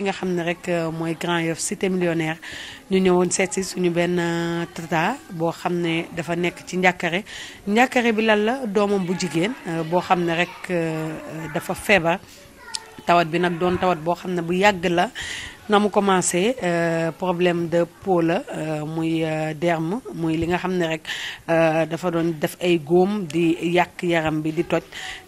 li nga xam ne rek euh, mooy Grand Yoff cité millionnaire ñu ñëwoon seet suñu benn euh, tata boo xam ne dafa nekk ci njàkkare njàkkare bi lan la doomam bu jigéen euh, boo xam ne rek dafa feebar tawat bi nag doon tawat boo xam ne bu yàgg la na mu commencé euh, problème de peau la euh, muy euh, derme muy li nga xam ne rek dafa doon def ay góom di yàq yaram bi di toj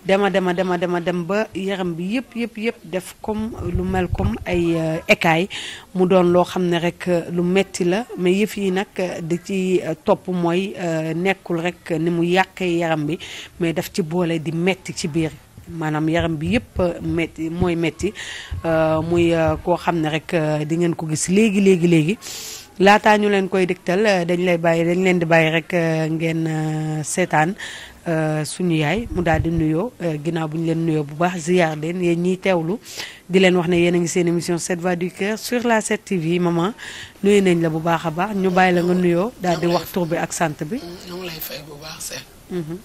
dema dema dema dema dem ba yaram bi yëpp yëpp yëpp def comme lu mel comme ay écailles mu doon loo xam ne rek lu metti la mais yëf yi nag di ci topp mooy nekkul rek ni mu yàqee yaram bi mais def ci boole di metti ci biir maanaam yaram bi yëpp euh, metti mooy metti euh, muy euh, koo xam ne rek di ngeen ko gis léegi léegi léegi laataa ñu leen koy dégtal dañ lay bàyyi dañ leen di bàyyi rek ngeen seetaan suñu yaay mu daal di nuyoo ginnaaw bu ñu leen nuyoo bu baax ziar leen yéen ñiy teewlu di leen wax ne yéen a ngi seen émission 7 voix du cœur sur la 7 TV maman nuyu nañ la bu baax a baax ñu bàyyi la nga nuyoo daal di wax tur bi ak sant bi. ñu ngi lay bu baax seen. Mhm.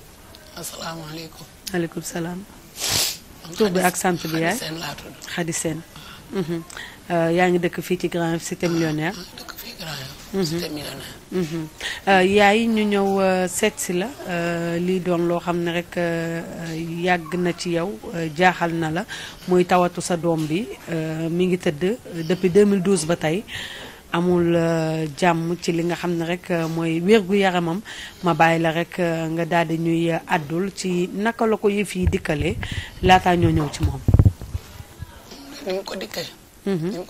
asalaamaaleykum. salaam. tur bi ak sant bi yaay Khady Sène mhm. euh, yaa ngi dëkk fii ci Grand Yoff cité millionnaire. Ah, dëkk mhm. mhm. euh, yaay ñu ñëw euh, seet si la lii doon loo xam ne rek yàgg na ci yow jaaxal na la muy tawatu sa doom bi mi ngi tëdd depuis 2012 ba tey. amul euh, jàmm ci li nga xam ne rek euh, mooy wérgu yaramam ma bàyyi la rek euh, nga daal di ñuy àddul ci naka la ko yëf yi dikkale laataa ñoo ñëw ci moom. ni mu ko dikkale. Mhm.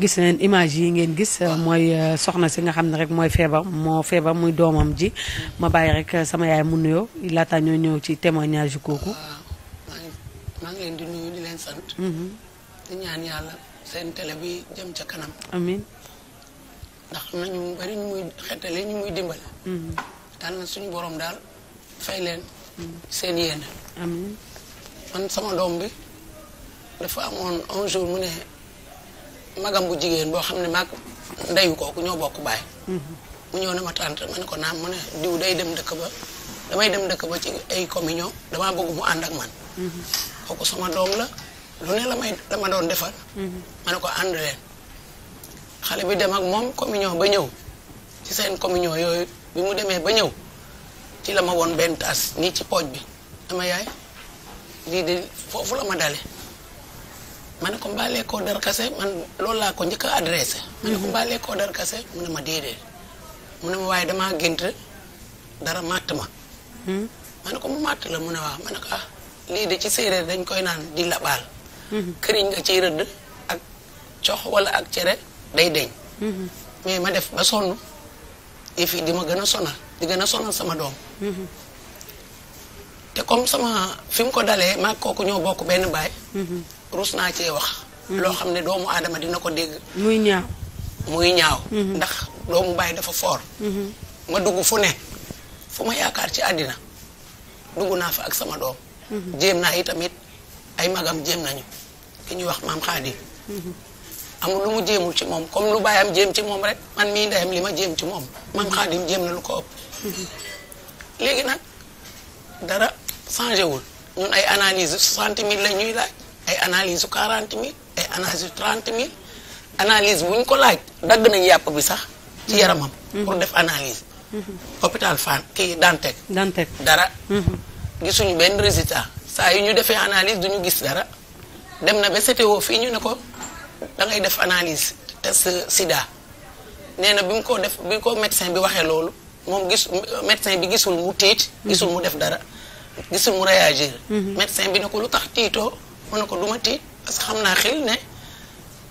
gis neen image yi ngeen gis mooy soxna si nga xam ne rek mooy feebar moo feebar muy doomam ji ma bàyyi rek sama yaay mu nuyoo laataa ñoo ñëw ci témoignage kooku. seen tele bi jëm ca kanam. amiin ndax xam na ñu bari ñu muy xetale ñu muy dimbal. daan mm-hmm. na suñu boroom daal fay leen. Mm-hmm. seen yéene. man sama doom bi dafa amoon un jour mu ne magam bu jigéen boo xam ne mag ndeyu kooku ñoo bokk baay. Mm-hmm. mu ñëw ne ma tànt ma ne ko naam mu ne diw day dem dëkk ba damay dem dëkk ba ci ay communion damaa bëgg mu ànd ak man. kooku sama doom la. lu ne la may dama doon defal. Mm-hmm. ma ne ko ànd leen. xale bi dem ak moom communion ba ñëw ci seen communion yooyu bi mu demee ba ñëw ci la ma woon benn taas nii ci pooj bi dama yaay lii de foofu la ma dale ma ne ko mbaalee koo dar kase loolu laa ko njëkk a adressé. ma ne ko mm-hmm. mbaalee koo dar kase mu ne ma déedéet mu ne ma waaye damaa gént dara màtt ma. Mm-hmm. ma ne ko mu màtt la mu ne waaw ma ko ah lii de ci séeréer dañ koy naan di labaal. këriñ nga ciy rëdd ak cox wala ak cere day deñ mais ma def ba sonn yëf di ma gën a sonal di gën a sonal sama doom te comme sama fi ko dalee maag kooku ñoo bokk benn baay ruus naa cee wax loo xam ne doomu aadama dina ko dégg muy ñaaw muy ñaaw mhm. ndax doomu baay dafa foor mhm. ma dugg fu ne fu ma yaakaar ci àddina dugg naa fa ak sama doom mhm. jéem naa itamit ay magam jéem nañu ki ñuy wax maam xaadim amul lu mu jéemul ci moom comme lu baayam jéem ci moom rek man mii ndeyam li ma jéem ci moom maam xaadim jéem na lu ko ëpp léegi nag dara changé wul ñun ay analyse soixante mille la ñuy laaj ay analyse quarante mille ay analyse trente mille analyse ñu ko laaj dagg nañ yàpp bi sax ci yaramam pour def analyse hôpital Fann kii Dantec Dantec dara gisuñu benn résultat saa yu ñu defee analyse duñu gis dara dem na ba CTO fii ñu ne ko da ngay def analyse test sida nee na bi mu ko def bi ko médecin bi waxee loolu moom gis médecin bi gisul mu tiit gisul mu def dara gisul mu réagir mhm. médecin bi ne ko lu tax tiitoo mu ne ko du ma tiit parce que xam naa xel ne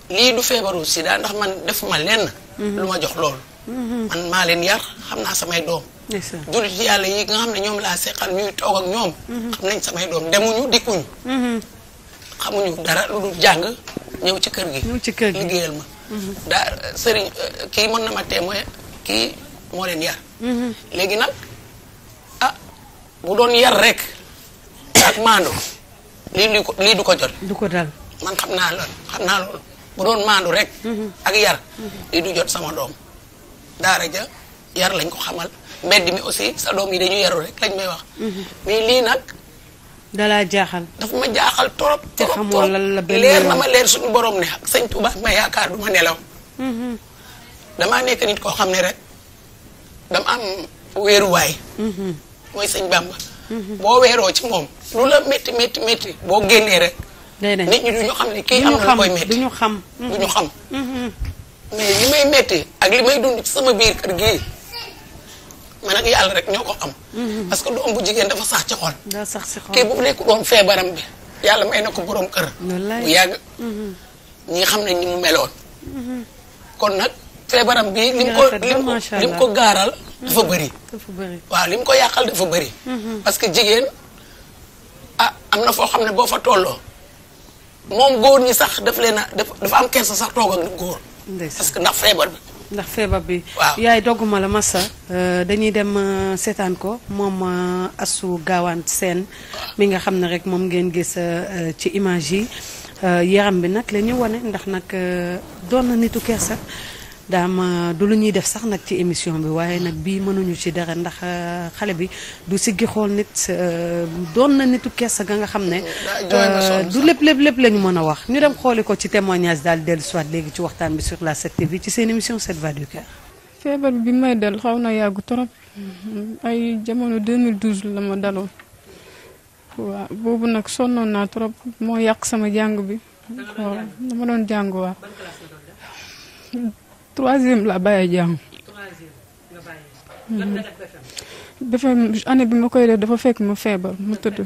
lii du feebaru sida ndax man defuma lenn mhm. lu ma jox loolu mhm. man maa leen yar xam naa samay doom jullit yàlla yi nga xam ne ñoom laa seqal ñuy toog ñoom xam nañ samay doom demuñu dikkuñu xamuñu dara lu dul jàng ñëw ci kër gi. ñëw ci kër gi liggéeyal ma. Mhm. daa sëriñ ki mën na ma témoin kii moo leen yar. Mhm. léegi nag ah bu doon yar rek ak maandu lii lii ko lii du ko jot. du ko dal man xam naa loolu xam naa loolu bu doon maandu rek. Mhm. ak yar lii du jot sama doom daara ja yar lañ ko xamal mbedd mi aussi sa doom yi dañu yaru rek lañ may wax. mais lii nag. dalaa jaaxal. dafa ma jaaxal trop. te xamoo lan la benn leer na ma leer suñu borom ne ak sëñ Touba ma yaakaar du ma nelaw. Mm-hmm. damaa nekk nit koo xam ne rek dama am weeruwaay. Mm-hmm. mooy sëñ Bamba. Mm-hmm. boo weeroo ci moom lu la métti métti métti boo génnee rek. day nit ñi du ñu xam ne kii am na lu ñu xam ñu xam. mais may métti ak li may dund ci sama biir kër gii. man ak yàlla rek ñoo ko am mm-hmm. parce que doom bu jigéen dafa sax ci xol. daa sax ci xol kii bu nekk doon feebaram bi yàlla may na ko borom kër. bu yàgg. Mm-hmm. ñi xam ne ni mu meloon. Mm-hmm. kon nag feebaram bi lim ko lim ko gaaral. dafa bëri. waaw lim ko yàqal dafa bëri. parce que jigéen ah am na foo xam ne boo fa tolloo moom góor ñi sax daf leen a dafa am kersa sax toog ak góor. parce que ndax feebar bi. ndax feebar bi. waaw yaay dogguma la massa euh, dañuy dem euh, seetaan ko moom euh, Astou Gawane seen mi nga xam ne rek moom ngeen gis ci image yi yaram bi nag la ñu wane ndax nag doon na nitu kersa. daama euh, du lu ñuy def sax nag ci émission bi waaye nag bii mënuñu ci dara ndax euh, xale bi du siggi xool nit euh, doon na nitu kees ga nga xam ne oh, du lépp lépp lépp la mën a wax ñu dem xooli ko ci témoignage daal dellu soit léegi ci waxtaan bi sur la 7TV ci seen émission 7 voix du cœur feebar bi may dal xaw na yàggu trop ay jamono 2012 la ma daloon waaw boobu nag sonnoon naa trop moo yàq sama jàng bi waaw dama doon jàng waaw troisième la bàyyi jàng. troisième nga bàyyi. Mhm. bi ma koy def dafa fekk ma feebar ma tëdd.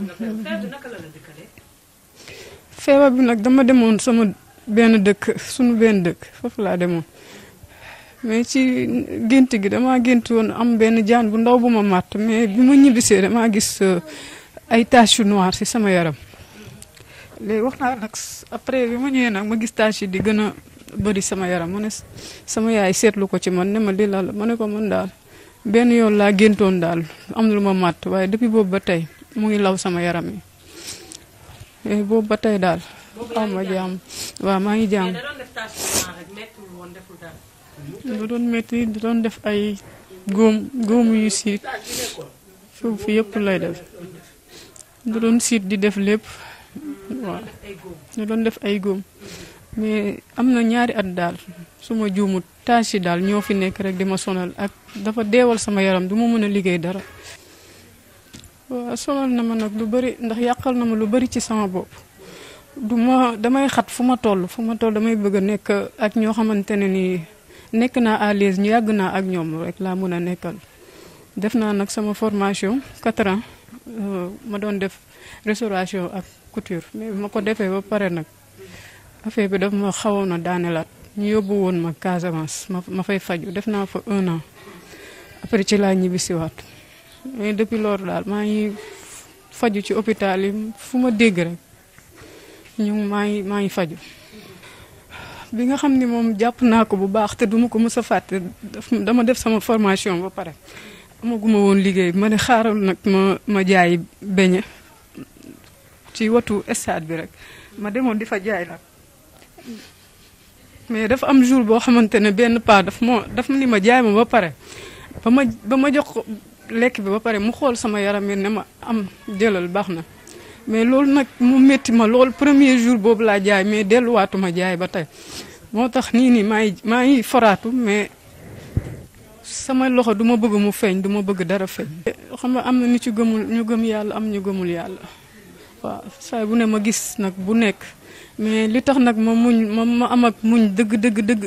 feebar bi nag dama demoon sama benn dëkk sunu benn dëkk foofu laa demoon mais si gént gi dama gént woon am benn jaan bu ndaw bu ma màtt mais bi ma ñibbisee damaa gis euh, ay taches noires ci sama yaram. Mhm. léegi wax naa nag après bi ma ñëwee nag ma gis taches yi bëri sama yaram ma ne sama yaay seetlu ko ci man ne ma lii la ma ne ko man daal benn yoon laa géntoon daal am na lu ma màtt waaye depuis boobu ba tey mu ngi law sama yaram yi eh, boobu ba tey daal. xaw ma jaam waaw maa ngi jaam. da doon métti da doon def ay góom góomu yu siit foofu yëpp lay def da doon siit di def lépp waaw da doon def ay góom. mais am na ñaari at daal su ma juumut tâche yi daal ñoo fi nekk rek di ma sonal ak dafa deewal sama yaram du ma mën a liggéey dara waaw sonal na ma nag lu bari ndax yàqal na ma lu bari ci sama bopp du ma damay xat fu ma toll fu ma toll damay bëgg a nekk ak ñoo xamante ne nii nekk naa à l'aise yàgg naa ak ñoom rek laa mën a nekkal def naa nag sama formation 4 ans euh, ma doon def restauration ak couture mais ma ko defee ba pare nag affaire bi daf ma xawoon na daaneelaat ñu yóbbu woon ma Casamance ma ma fay faju def naa fa un an après ci laa ñibbisiwaat mais depuis loolu daal maa ngi faju ci hôpital yi fu ma dégg rek ngi maa ngi faju bi nga xam ne moom jàpp naa ko bu baax te duma ko mës a fàtte dama def sama formation ba pare amaguma woon liggéey ma ne xaaral nag ma ma jaay beñe ci watu stade bi rek ma demoon di fa jaay nag mais dafa am jour boo xamante ne benn paa daf moo daf ni ma jaay ma ba pare ba ma ba ma jox ko lekk bi ba pare mu xool sama yaram yi ne ma am jëlal baax na mais loolu nag mu métti ma loolu premier jour boobu laa jaay mais delluwaatuma jaay ba tey moo tax nii nii maa ngi maa ngi foraatu mais sama loxo duma bëgg mu feeñ du bëgg dara feeñ. xam nga am na ñu ci gëmul ñu gëm yàlla am ñu gëmul yàlla waaw saa bu ne ma gis nag bu nekk. mais li tax nag ma muñ ma ma am ak muñ dëgg dëgg dëgg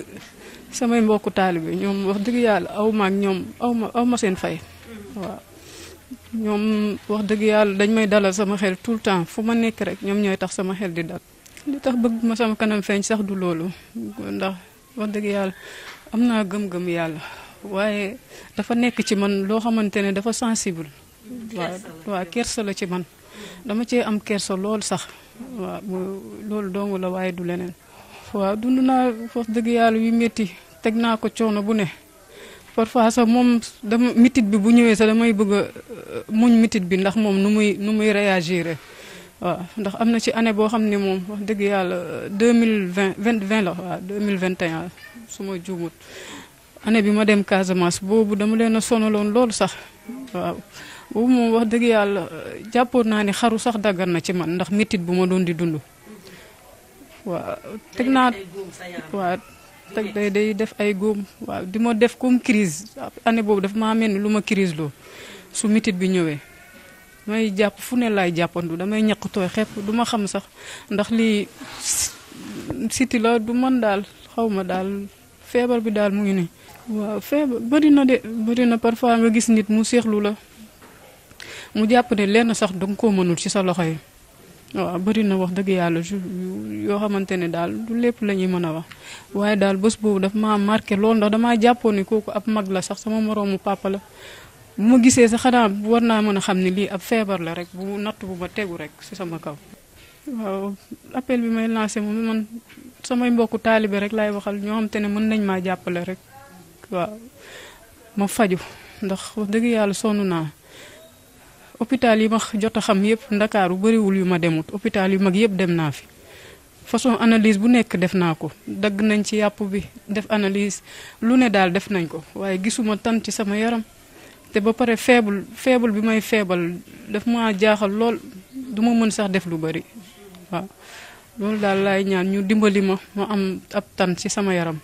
samay mbokku taalibe ñoom wax dëgg yàlla aw maak ñoom aw ma aw ma seen fay waaw. ñoom wax dëgg yàlla dañ may dalal sama xel tout le temps fu ma nekk rek ñoom ñooy tax sama xel di dal li tax bëgg ma sama kanam feeñ sax du loolu ndax wax dëgg yàlla am naa gëm-gëm yàlla waaye dafa nekk ci man loo xamante ne dafa sensible waaw waaw kersa la ci man dama cee am kersa lool sax waaw loolu dong la waaye du leneen. waaw dund naa foo dëgg yàlla yu metti teg naa ko coono bu ne parfois sax moom dama mitit bi bu ñëwee sax damay bëgg a euh, muñ mitit bi ndax moom nu muy nu muy réagir waaw ndax am na ci année boo xam ne moom wax dëgg yàlla euh, deux mille vingt vingt vingt la waaw deux mille vingt et su ma juumut année bi ma dem Casamance boobu dama leen a sonaloon loolu sax waaw. boobu moom wax dëgg yàlla jàppoon naa ni xaru sax daggan na ci man ndax métit bu ma doon di dund waaw teg naa waaw teg day def ay góom di ma def comme crise année boobu def maa mel ni lu ma crise loo su mitit bi ñëwee may jàpp fu ne laay jàppandu damay ñaq tooy xepp du ma xam sax ndax lii siti la du man daal xawma daal feebar bi daal mu ngi nii waaw feebar bëri de bëri na parfois nga gis nit mu seexlu la mu jàpp ne lenn sax da koo mënul ci sa loxo yi waaw bëri na wax dëgg yàlla yoo xamante ne daal du lépp la ñuy mën a wax waaye daal bës boobu daf maa marqué loolu ndax damaa jàppoon ne kooku ab mag la sax sama moroomu papa la bu ma gisee sa xanaa war naa mën a xam ne lii ab feebar la rek bu natt bu ma tegu rek si sama kaw. waaw appel bi may lancé moom man samay mbokku taalibe rek laay waxal ñoom xam te ne mën nañ maa jàppale rek waaw ma faju ndax dëgg yàlla sonn naa. hôpital yi ma jot a xam yëpp ndakaaru bariwul yu ma demut hôpital yu mag yëpp dem naa fi façon analyse bu nekk def naa ko dagg nañ ci yàpp bi def analyse lu ne daal def nañ ko waaye gisuma tan ci sama yaram te ba pare faible faible bi may feebal daf ma jaaxal lool du ma mën sax def lu bari waaw loolu daal laay ñaan ñu dimbali ma ma am ab tan ci sama yaram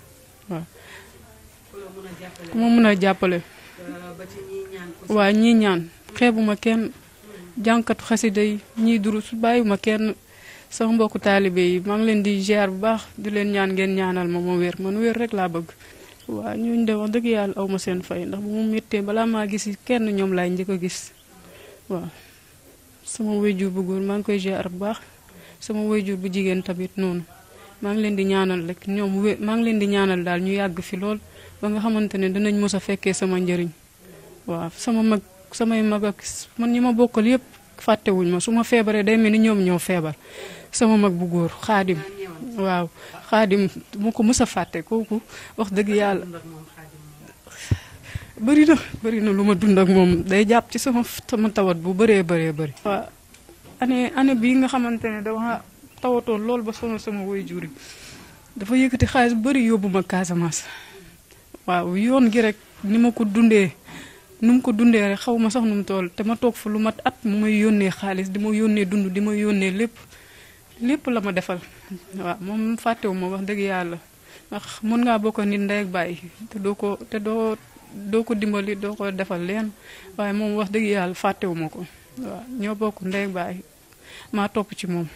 waaw ku ma mën a jàppale waa ñii ñaan ma kenn jànkatu xasida yi ñiy durus ma kenn sama mbokku taalibe yi maa ngi leen di ziar bu baax di leen ñaan ngeen ñaanal ma ma wér man weer rek laa bëgg. waaw ñooñu de wax dëgg yàlla aw ma seen fay ndax bu mu méttee balaa maa gis kenn ñoom laay njëkk a gis waaw sama wayjur bu góor maa ngi koy ziar bu baax sama wayjur bu jigéen tamit noonu maa ngi leen di ñaanal rekk ñoom wé maa ngi leen di ñaanal daal ñu yàgg fi lool ba nga xamante ne dinañ mos a fekkee sama njariñ waaw sama mag samay mag ak man ñi ma bokkal yëpp fàttewuñ ma su ma feebaree day mel ni ñoom ñoo feebar sama mag bu góor xaadim waaw xaadim mu ko mës a fàtte kooku wax dëgg yàlla bëri na bëri na lu ma dund ak moom day jàpp ci sama sama tawat bu bëree bëree bari waaw année année bii nga xamante ne dama tawatoon loolu ba sonal sama dafa yëkkati xaalis bu bëri yóbbu ma Casamance waaw yoon gi rek ni ma ko dundee nu mu ko dundee rek xaw ma sax nu tool toll te ma toog fu lu mat at mu may yónnee xaalis di ma yónnee dund di ma yónnee lépp lépp la ma defal waaw moom fàttewu ma wax dëgg yàlla ndax mën ngaa bokk nit ndey ak doo ko te doo doo ko dimbali doo ko defal leen waaye moom wax dëgg yàlla fàttewu ma ko ñoo bokk ndey ak bàyyi maa topp ci moom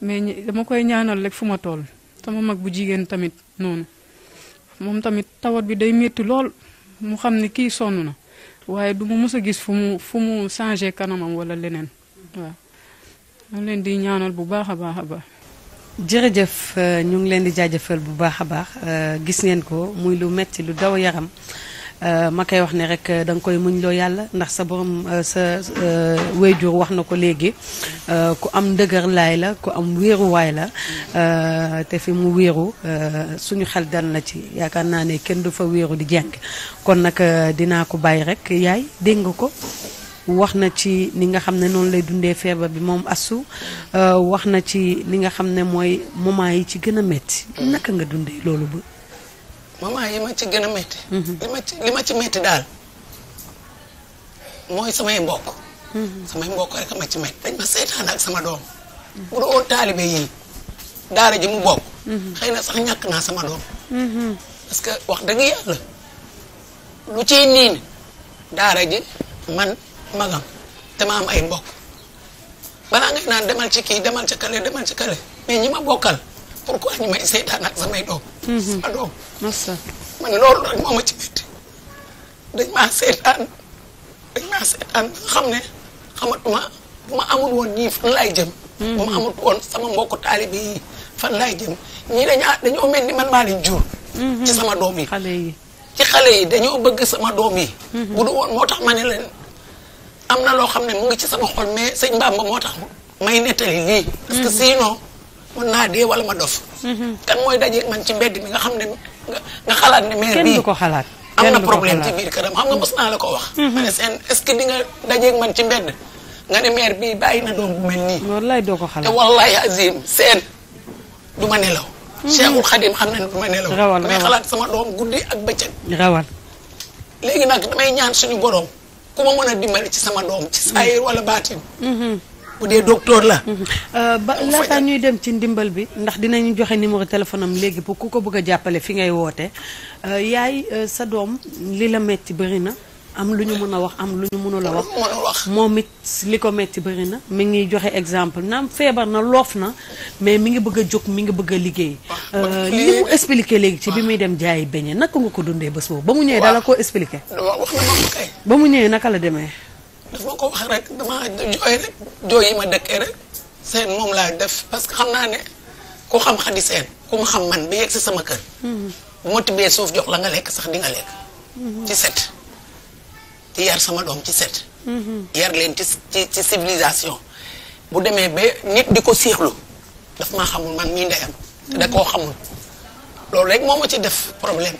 mais dama koy ñaanal rek fu ma tool sama mag bu jigéen tamit noonu moom tamit tawat bi day metti lool mu xam ne kii sonn na waaye du ma mës gis fu mu fu mu changé kanamam wala leneen waaw ma leen di ñaanal bu baax a baax a baax. jërëjëf euh, ñu ngi leen di jaajëfal bu baax a baax euh, gis ngeen ko muy lu metti lu daw yaram. Euh, ma koy wax ne rek euh, da nga koy muñ loo yàlla ndax sa borom euh, sa wéyjur wax na ko léegi ku am ndëgër laay la ku am wéeruwaay la te fi mu wéeru suñu xel dal na ci yaakaar naa ne kenn du fa wéeru di jàng kon nag dinaa ko bàyyi rek yaay dégg nga ko wax na ci ni nga xam ne noonu lay dundee feebar bi moom asu wax na ci li nga xam ne mooy moment yi ci gën a metti naka nga dundee loolu ba maman yi ma ci gën a métti. li ma ci li ma ci métti daal mooy samay mbokk. samay mbokk rek ma ci métti dañ ma seetaan ak sama doom. bu dul woon taalibe daara ji mu bokk. xëy na sax ñàkk naa sama doom. parce que wax dëgg yàlla lu ciy niin daara ji man magam te ma am ay mbokk balaa ngay naan demal ci kii demal ca kale demal ci kale mais ñi ma bokkal pourquoi ñu ma seetaan ak samay doom. Mhm. sa doom ma loolu nag moo ma ci métti dañ maa seetaan dañ maa xam ne xamatuma bu ma amul woon ñii fan laay jëm mhm. bu ma amul woon sama mbokku taalibe yi fan laay jëm ñii dañaa dañoo mel ni man maa leen jur mhm. ci sama doom yi ci xale yi dañoo bëgg sama doom yi bu du woon moo tax ma ne leen am na loo xam ne mu ngi ci sama xol mais sëñ Bamba moo tax may nettali lii parce que mun naa dee wala ma dof. Mhm. kan mooy dajeeg man ci mbedd mi nga xam ne nga xalaat ne. maire bi kenn du ko xalaat. am na problème ci biir këram xam nga mos naa la ko wax. Mhm. ma seen est-ce que di nga dajeeg man ci mbedd. nga ne maire bii bàyyi na doom bu mel nii. wallaay doo ko xalaat te wallaay azim seen du ma nelaw. Mhm. Cheikhul Khadim xam ne du ma nelaw. rawal damay xalaat sama doom guddi ak bëccëg. rawal. léegi nag damay ñaan suñu borom ku ma mën a dimbali ci sama doom ci saayir wala baatin. bu dee docteur la. Mhm. Euh, ba laata ñuy dem ci ndimbal bi ndax dinañu joxe numéro téléphone am léegi pour ku ko bëgg jàppale fi ngay woote euh, yaay euh, sa doom li la metti bëri na. am lu ñu mën a wax am lu ñu mënul a wax moom it li ko metti bëri na mi ngi joxe exemple naam feebar na loof na mais mi ngi bëgg a jóg mi ngi bëgg a liggéey li mu expliqué léegi ci bi muy dem jaayi beñe naka nga ko dundee ba boobu ba mu ñëwee dala koo expliqué ba mu ñëwee naka la demee daf ma ko wax rek dama jooy rek jooy yi ma dëkkee rek seen moom laa def parce que xam naa ne koo xam xadi seen ku ma xam man ba yegg si sama kër bu ma tibbee suuf jox la nga lekk sax di nga lekk ci set ci yar sama doom ci set yar leen ci ci civilisation bu demee ba nit di ko siixlu daf ma xamul man mii ndeyam te da koo xamul loolu rek moo ma ci def problème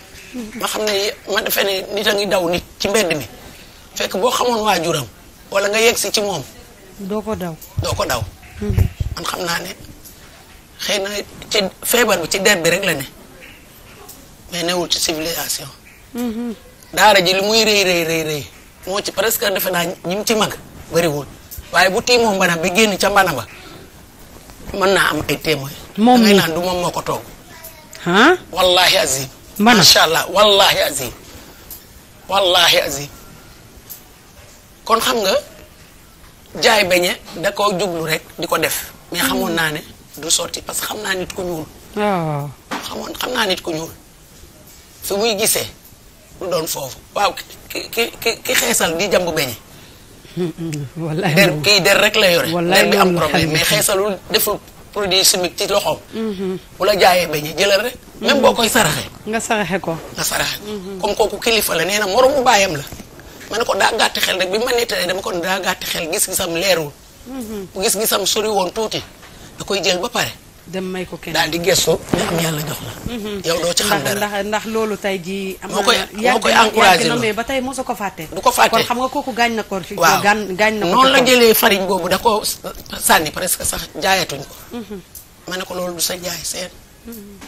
ma xam ne ma defee ne nit a ngi daw nit ci mbedd mi fekk boo xamoon waa juram wala nga yegg si ci moom. doo ko daw doo ko daw. Mm-hmm. man xam naa ne xëy na ci feebar bi ci der bi rek la ne mais newul ci civilisation. Mm-hmm. daara ji li muy rëy rëy rëy moo ci presque defe naa ñi mu ci mag bëriwul waaye bu tiimoo mbana bi génn ca mbana ba mën naa am ay témoin. moom mi moom moo ko toog. ah. wallaahi azim. mbana macha allah wallaahi azim. wallaahi kon xam nga jaay beñe da ko jublu rek di ko def mais xamoon naa ne du sotti parce que xam naa nit ku ñuul. waaw ñuul fi muy gisee lu doon foofu waaw ki ki ki ki xeesal di jàmb beñe. der kii der rek la yore. der bi am problème mais xeesalul deful produit chimique ci loxoom. Mhm. bu la jaayee beñe jëlal rek. même boo mhm. koy saraxe. nga saraxe ko. nga saraxe ko comme mhm. kooku kilifa la nee na moromu baayam la. ma ne ko daa gàtt xel rek bi ma nettalee dama kon daa gàtt xel gis-gisam leerul. Mhm. bu gis-gisam sori woon tuuti da koy jël ba pare. dem may ko kenn daal di gestu ne am yàlla jox la. Mhm. yow ci xam dara ndax ndax loolu tey jii. moo koy moo koy encouragé loo mais ba tey mosoo ko fàtte. du ko fàtte xam nga kooku gaañ na ko. waaw gaañ na ko noonu la jëlee farine boobu da ko sànni presque sax jaayatuñ ko. Mhm. ma ne ko loolu du sa jaay seen.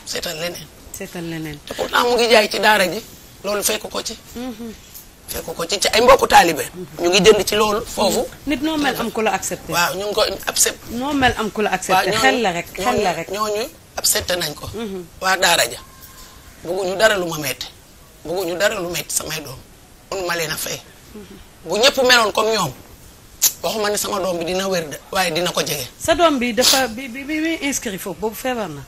seetal leneen. seetal leneen. te pourtant mu ngi jaay ci daara ji loolu fekk ko ci. fekk ko ci ci ay mbokku taalibe ñu ngi jënd ci loolu foofu. nit noo mel am ku la accepté. waaw ñu ngi ko accepté. noo mel am ku la accepté xel la rek xel la rek ñooñu accepté nañ ko. Mhm. waa daara ja bëgguñu dara lu ma metti bëgguñu dara lu metti samay doom mun ma leen a fay. Mhm. bu ñëpp meloon comme ñoom waxuma ne sama doom bi dina wér de waaye dina ko jege. sa doom bi dafa bi bi bi inscrit foofu boobu feebar na.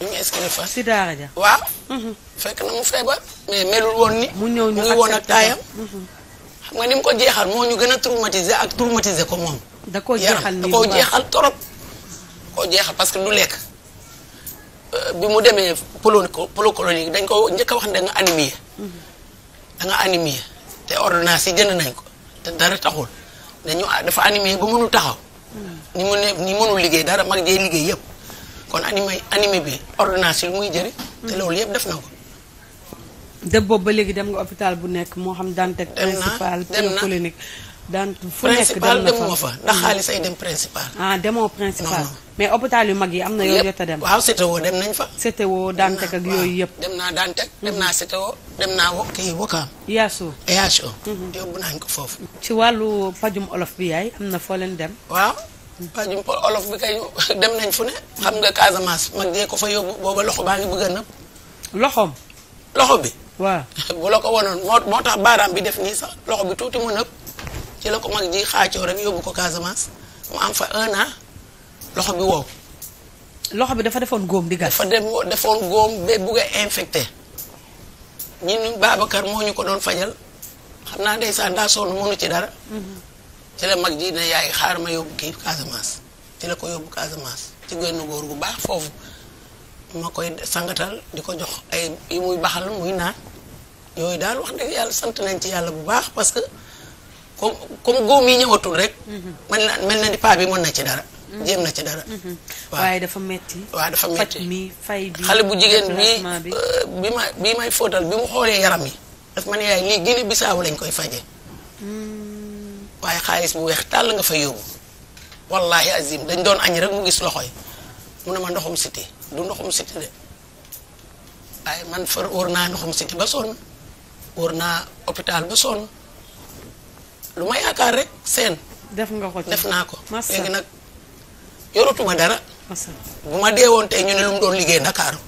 ñu ngi escalier si daara ja waaw. Mhm. fekk na mu feebar. mais melul woon ni. mu ñëw ñu woon ak taayam. Mhm. xam nga ni mu ko jeexal moo ñu gën a traumatiser ak traumatiser ko moom. da koo jeexal nii da koo jeexal trop. koo jeexal parce que lu lekk euh, bi mu demee polo polo colonique dañ ko njëkk a wax ne da nga anémie. Mhm. da nga anémie te ordonnance yi nañ ko te dara taxul dañu dafa anémie bu mënul taxaw. ni mu ne ni mënul liggéey dara mag jee liggéey yëpp. kon animé animé bi ordonnance yi muy jëriñ. te loolu yëpp def na ko. de boobu ba léegi dem nga hôpital bu nekk moo xam Dantec. principal polyclinique dant fu nekk dem na fa fa ndax mm. xaalis ay dem principal. Ah, demoo principal. mais hôpital yu mag yi am na yoo jot dem. waaw CTO dem nañ fa. CTO Dantec ak yooyu yëpp. dem naa Dantec dem mm-hmm. naa CTO dem naa wo kii Wakaam. Yaaso. Yaaso. Mm-hmm. yóbbu ko foofu. ci wàllu pajum olof bi yaay am na foo leen dem. waaw bajum pour olof bi kay dem nañ fu ne. xam nga Casamance mag jee ko fa yóbbu booba loxo baa ngi bëgg a nëb. loxoom. loxo bi. waaw bu la ko wanoon moo moo tax baaraam bi def nii sax loxo bi tuuti mu nëb ci la ko mag ji xaacoo rek yóbbu ko Casamance mu am fa un an loxo bi wow. loxo bi dafa defoon góom di gas. dafa defoon góom ba bugg a infecté ñun Babacar moo ñu ko doon fajal xam naa ndeysaan daa sonn mënu ci dara. Mhm. ci la mag ji ne yaay xaar ma yóbbu kii Casamance ci la ko yóbbu Casamance ci genn góor bu baax foofu ma koy sangatal di ko jox ay yi muy baxal muy naan yooyu daal wax dëgg yàlla sant nañ ci yàlla bu baax parce que comme comme góom yi ñëwatul rek. man mm-hmm. la mel na ni paa bi mën na ci dara. Mm-hmm. jéem na ci dara. Mm-hmm. waaye dafa metti waaw dafa metti faj mi xale bu jigéen bii euh, bi ma bi may fóotal bi mu xoolee yaram yi daf ma ne yaay lii Guinée Bissau lañ koy fajee. Mm. waaye xaalis bu weex tàll nga fa yóbbu wallahi azim dañ doon añ rek mu gis loxo yi mu ne ma ndoxum siti du ndoxum siti de waaye man far wër naa ndoxum siti ba sonn wër naa hôpital ba sonn lu ma yaakaar rek seen def nga ko def naa ko léegi nag yoratuma dara bu ma dee woon tey ñu ne lu mu doon liggéey Ndakaaru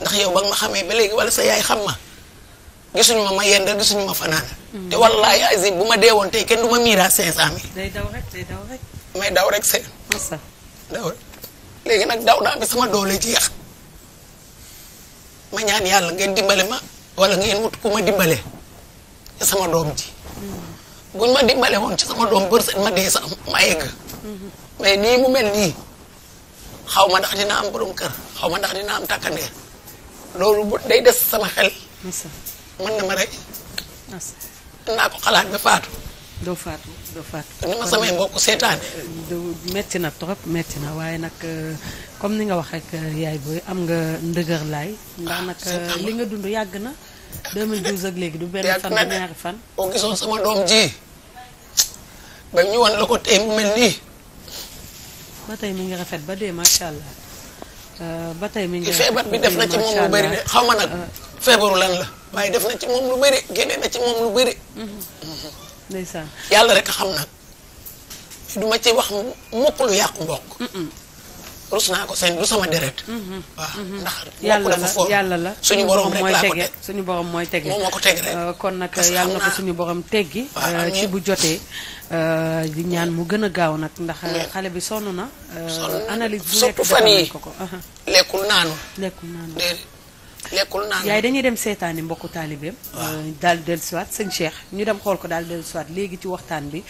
ndax yow ba nga ma xamee ba léegi wala sa yaay xam ma gisuñu ma ma yend gisuñu ma fanaan te wallaahi azim bu ma dee woon tey kenn du ma miira cinq cent mille day daw rek day daw may daw rek seen daw léegi nag daw naa bi sama doole ji yàq ma ñaan yàlla ngeen dimbale ma wala ngeen wut ku ma dimbale sama doom ji buñ ma dimbale woon ci sama doom bërsët ma dee sax ma yegg nii mu mel nii xaw ma ndax dina am borom kër xaw ma ndax dina am takkandeer loolu bu day des sama xel man dama rey. naa ko xalaat ba faatu. doo faatu doo faatu. ni ma samay mbokk seetaane. Euh, metti na trop metti na waaye nag euh, comme ni nga wax rek euh, yaay booy am nga ndëgër laay. Ah, ndax nag li nga dund yàgg na. 2012 ak léegi du benn fan du ñaari fan. boo gisoon sama doom ji ba ñu wan la ko tey mu mel nii. ba tey mi ngi rafet ba dee macha allah. ba tey mi ngi feebar bi def na ci moom lu bari de xaw ma nag feebaru lan la. waaye def na ci moom lu bëri génne na ci moom lu bëri. ndeysaan yàlla rek xam na duma ma ci wax mukk lu yàqu mbokk. rus naa ko seen du sama deret. Mm-hmm. waaw ndax mm-hmm. yàlla la yàlla la suñu borom mooy tege suñu borom mooy tege moom ko teg euh, kon nag yàlla na ko suñu borom teggi euh, ci bu jotee euh, di ñaan mu gën a gaaw nag ndax xale bi sonn na. analyse bu nekk surtout fan yi lekkul naanu. lekkul naanu déedéet. lekkul yaay dañuy dem seetaani mbokku taalibeem. waaw euh, del dellusiwaat sëñ Cheikh ñu dem xool ko daal dellusiwaat léegi ci waxtaan bi.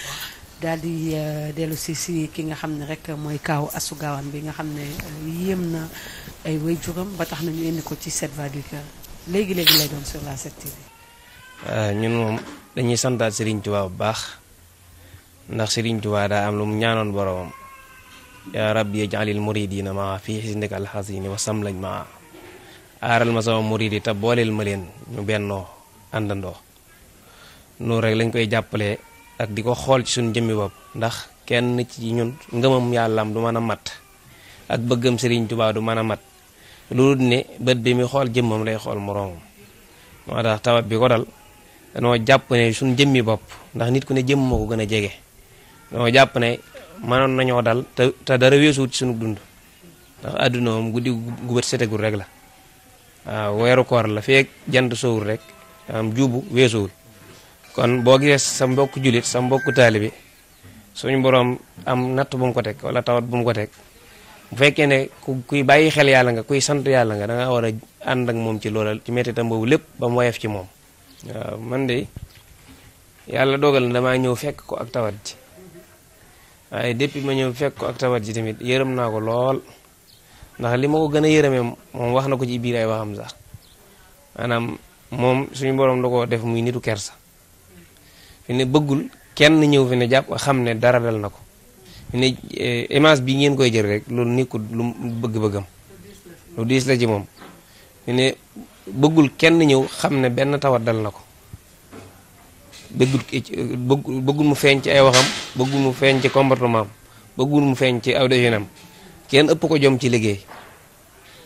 daal di euh, dellu si si ki nga xam ne rek mooy kaaw Astou Gawane bi nga xam ne euh, yéem na ay waajuram ba tax na ñu indi ko ci 7 voix du cœur léegi léegi lay doon sur la 7TV. ñun moom dañuy santaat Serigne Touba bu baax ndax Serigne Touba daa am lu mu ñaanoon boromam. yaa rabbi ij'alil muridina maa fii xisnika alxasini wa samlañ maa aaral ma sama murid yi ta booleel ma leen ñu bennoo àndandoo noonu rek lañ koy jàppale ak di ko xool ci suñu jëmmi bopp ndax kenn ci ñun ngëmam yàllaam du mën a mat ak bëggam Sëriñ jubaa du man a mat loolu ne bët bi mi xool jëmmam lay xool moroomam moo tax tawat bi ko dal danoo jàpp ne suñu jëmmi bopp ndax nit ku ne jëmm moo ko gën a jege danoo jàpp ne mënoon nañoo dal te te dara weesuwut ci suñu dund ndax àdduna moom guddi gu bët setegul rek la waaw weeru koor la feeg jant sowul rek am juubu weesuwul kon boo gisee sa mbokk julit sa mbokk taalibi suñu boroom am natt bu ko teg wala tawat bum ko teg bu fekkee ne ku kuy bàyyi xel yàlla nga kuy sant yàlla nga da nga war a ànd ak moom ci loolal ci mettitam boobu lépp ba mu ci moom man de yàlla dogal na ñëw fekk ko ak tawat ji waaye depuis ma ñëw fekk ko ak tawat ji tamit yërëm naa ko lool ndax li ma ko gën a yërëmee moom wax na ko ci biir ay waxam sax maanaam moom suñu borom da ko def muy nitu kersa fi ne bëggul kenn ñëw fi ne jàpp xam ne dara dal na ko fi ne eh, image bi ngeen koy jël rek loolu nekkul lu bëgg-bëggam lu diis la moom fi ne bëggul kenn ñëw xam ne benn tawat dal na ko eh, bëggul bëggul mu feeñ ci ay waxam bëggul mu feeñ ci comportement am bëggul mu feeñ ci aw definam kenn ëpp ko jom ci liggéey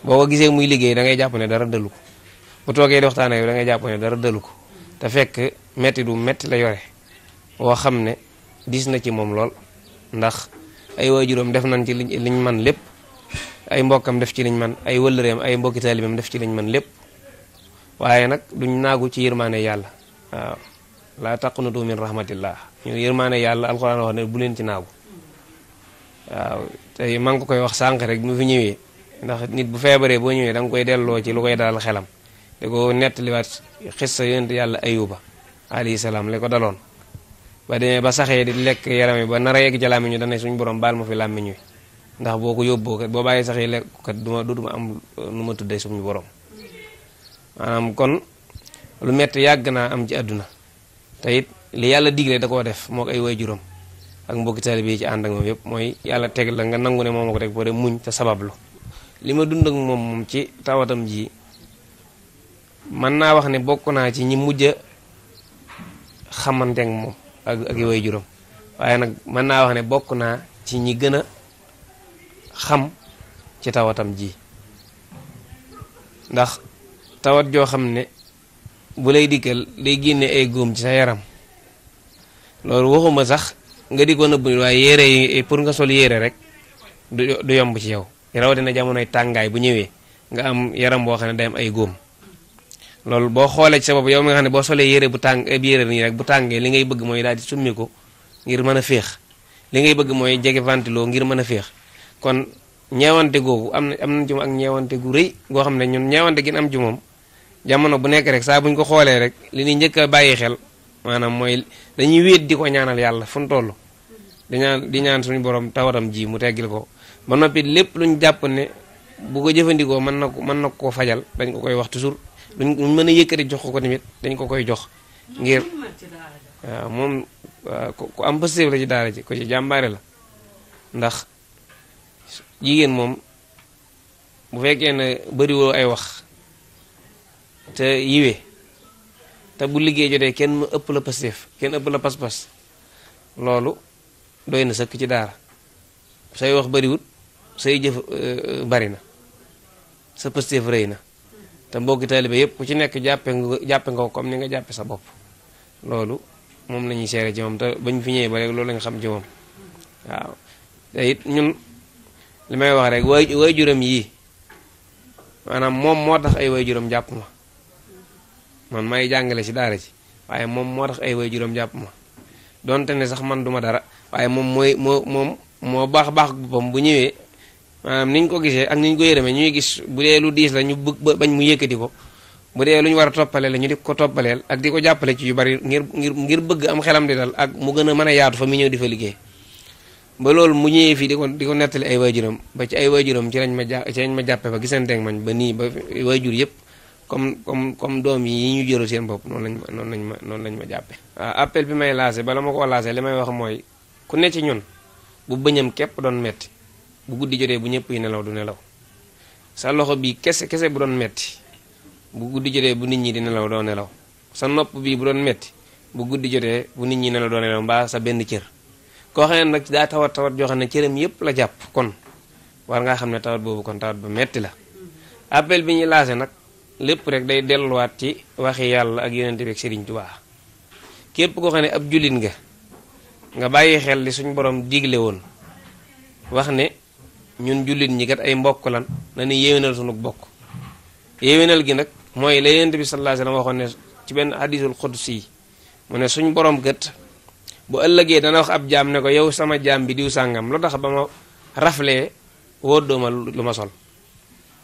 boo ko gisee muy liggéey da ngay jàpp ne dara dalu ko bu toogee di waxtaan ak da ngay jàpp dara dalu ko te fekk metti du metti la yore woo xam ne diis na ci moom lool ndax ay waajuram def nañ ci liñ man lépp ay mbokkam def ci liñ man ay wëllëreem ay mbokki taalibeem def ci liñ man lépp waaye nag duñ naagu ci yërmaane yàlla waaw laa taqnutu min rahmatillah ñu yërmaane yàlla alxuraan wax ne bu leen ci naagu waaw tey maa ngi ko koy wax sànq rek mu fi ñëwee ndax nit bu feebaree boo ñëwee da nga koy delloo ci lu koy dalal xelam di ko nettaliwaat xissa yonent yàlla ayuba alayhi salaam li ko daloon ba demee ba saxee di lekk yaram yi ba nar a yegg ca làmmiñu dana suñu borom baal ma fi làmmiñ wi ndax boo ko yóbboo kat boo bàyyi saxee lekk kat duma dutuma am nu ma tuddee suñu borom maanaam kon lu metti yàgg naa am ci àdduna te li yàlla digle da koo def moo ay juróom ak mbokki taalibe yi ci ànd ak moom yëpp mooy yàlla teg la nga nangu ne moom ko teg boo de muñ te sabablu li ma dund ak moom moom ci tawatam ji man naa wax ne bokk naa ci ñi mujj xamante moom ak ak juróom waaye nag mën naa wax ne bokk naa ci ñi gën a xam ci tawatam ji ndax tawat joo xam ne bu lay dikkal day génne ay góom ci sa yaram loolu waxuma sax nga di ko nëbb nit waaye yére yi eh, pour nga sol yére rek du du yomb ci yow na jamonoy tàngaay bu ñëwee nga am yaram boo xam ne day am ay góom loolu boo xoolee ci sa yow mi nga ne boo solee yére bu tàng eh, yére nii rek bu tàngee li ngay bëgg mooy daal di summi ko ngir mën a féex li ngay bëgg mooy jege ventilo ngir mën a féex kon ñeewante googu am na am na ak ñeewante gu rëy goo xam ne ñun ñeewante gi am ju moom jamono bu nekk rek saa buñ ko xoolee rek li ñuy njëkk a bàyyi xel maanaam mooy dañuy wéet di ko ñaanal yàlla fu toll di ñaan di ñaan suñu borom tawatam jii mu teggil ko ba noppi lépp luñ jàpp ne bu ko jëfandikoo mën na ko mën na koo fajal dañ ko koy wax toujours duñ mën a yëkkati jox ko ko tamit dañ ko koy jox ngir waaw moom ku am la ci daara ji ko ci jàmbaare la ndax jigéen moom bu fekkee ne bëriwoo ay wax te yiwee te bu liggéey jotee kenn ëpp la pastéef kenn ëpp la pas-pas loolu doy na sëkk ci daara say wax bariwut say jëf euh, euh, bari na sa pastéef rëy na te mbokki taalibe yépp ku ci nekk jàppe nga jàppe ko comme ni nga jàppe sa bopp loolu moom la ñuy seere ci moom te bañ fi ñëwee ba loolu la nga xam ci moom waaw te it ñun li may wax rek way way juram yii maanaam moom moo tax ay way juróom jàpp ma man may jàngale si daara ci waaye moom moo tax ay way juróom jàpp ma donte ne sax man duma dara waaye moom mooy moo moom moo baax baax boppam bu ñëwee maanaam niñ ko gisee ak niñ ko yërëmee ñuy gis bu dee lu diis la ñu bëgg bañ mu yëkkati ko bu dee lu ñu war a toppale la ñu di ko toppaleel ak di ko jàppale ci yu bari ngir ngir ngir bëgg am xelam di dal ak mu gën a mën a yaatu fa mu ñëw di fa liggéey ba loolu mu ñëwee fii di ko di ko nettali ay waajuram ba ci ay waajuram ci lañ ma ja ci ma jàppe ba gisanteeg mañ ba nii ba waajur yëpp comme comme comme doom yi ñu jëloo seen bopp noonu lañ ma noonu lañ ma noonu lañ ma ah, appel bi may lancé bala ma koo lancé li may wax mooy ku ne ci ñun bu bëñam képp doon metti bu guddi jotee bu ñëpp yi nelaw du nelaw sa loxo bi kese kese bu doon metti bu guddi jotee bu nit ñi di nelaw doo nelaw sa nopp bii bu doon metti bu guddi jotee bu nit ñi nelaw doo nelaw mbaa sa benn cër koo xam ne nag daa tawat tawat joo xam ne cëram yépp la jàpp kon war ngaa xam ne tawat boobu kon tawat bu metti la appel bi ñuy lancé nag lépp rek day delluwaat ci waxi yàlla ak yonente bi ak Sëriñ Tubaa képp koo xam ne ab jullit nga nga bàyyi xel li suñ borom digle woon wax ne ñun jullit ñi kat ay mbokk lan nañu yéwénal sunu bokk yéwénal gi nag mooy la yonente bi sallallahu alayhi waxoon ne ci benn hadisul qudsi si mu ne suñ borom gët bu ëllëgee dana wax ab jaam ne ko yow sama jaam bi diw sàngam lu tax ba ma raflee wóor dooma lu ma sol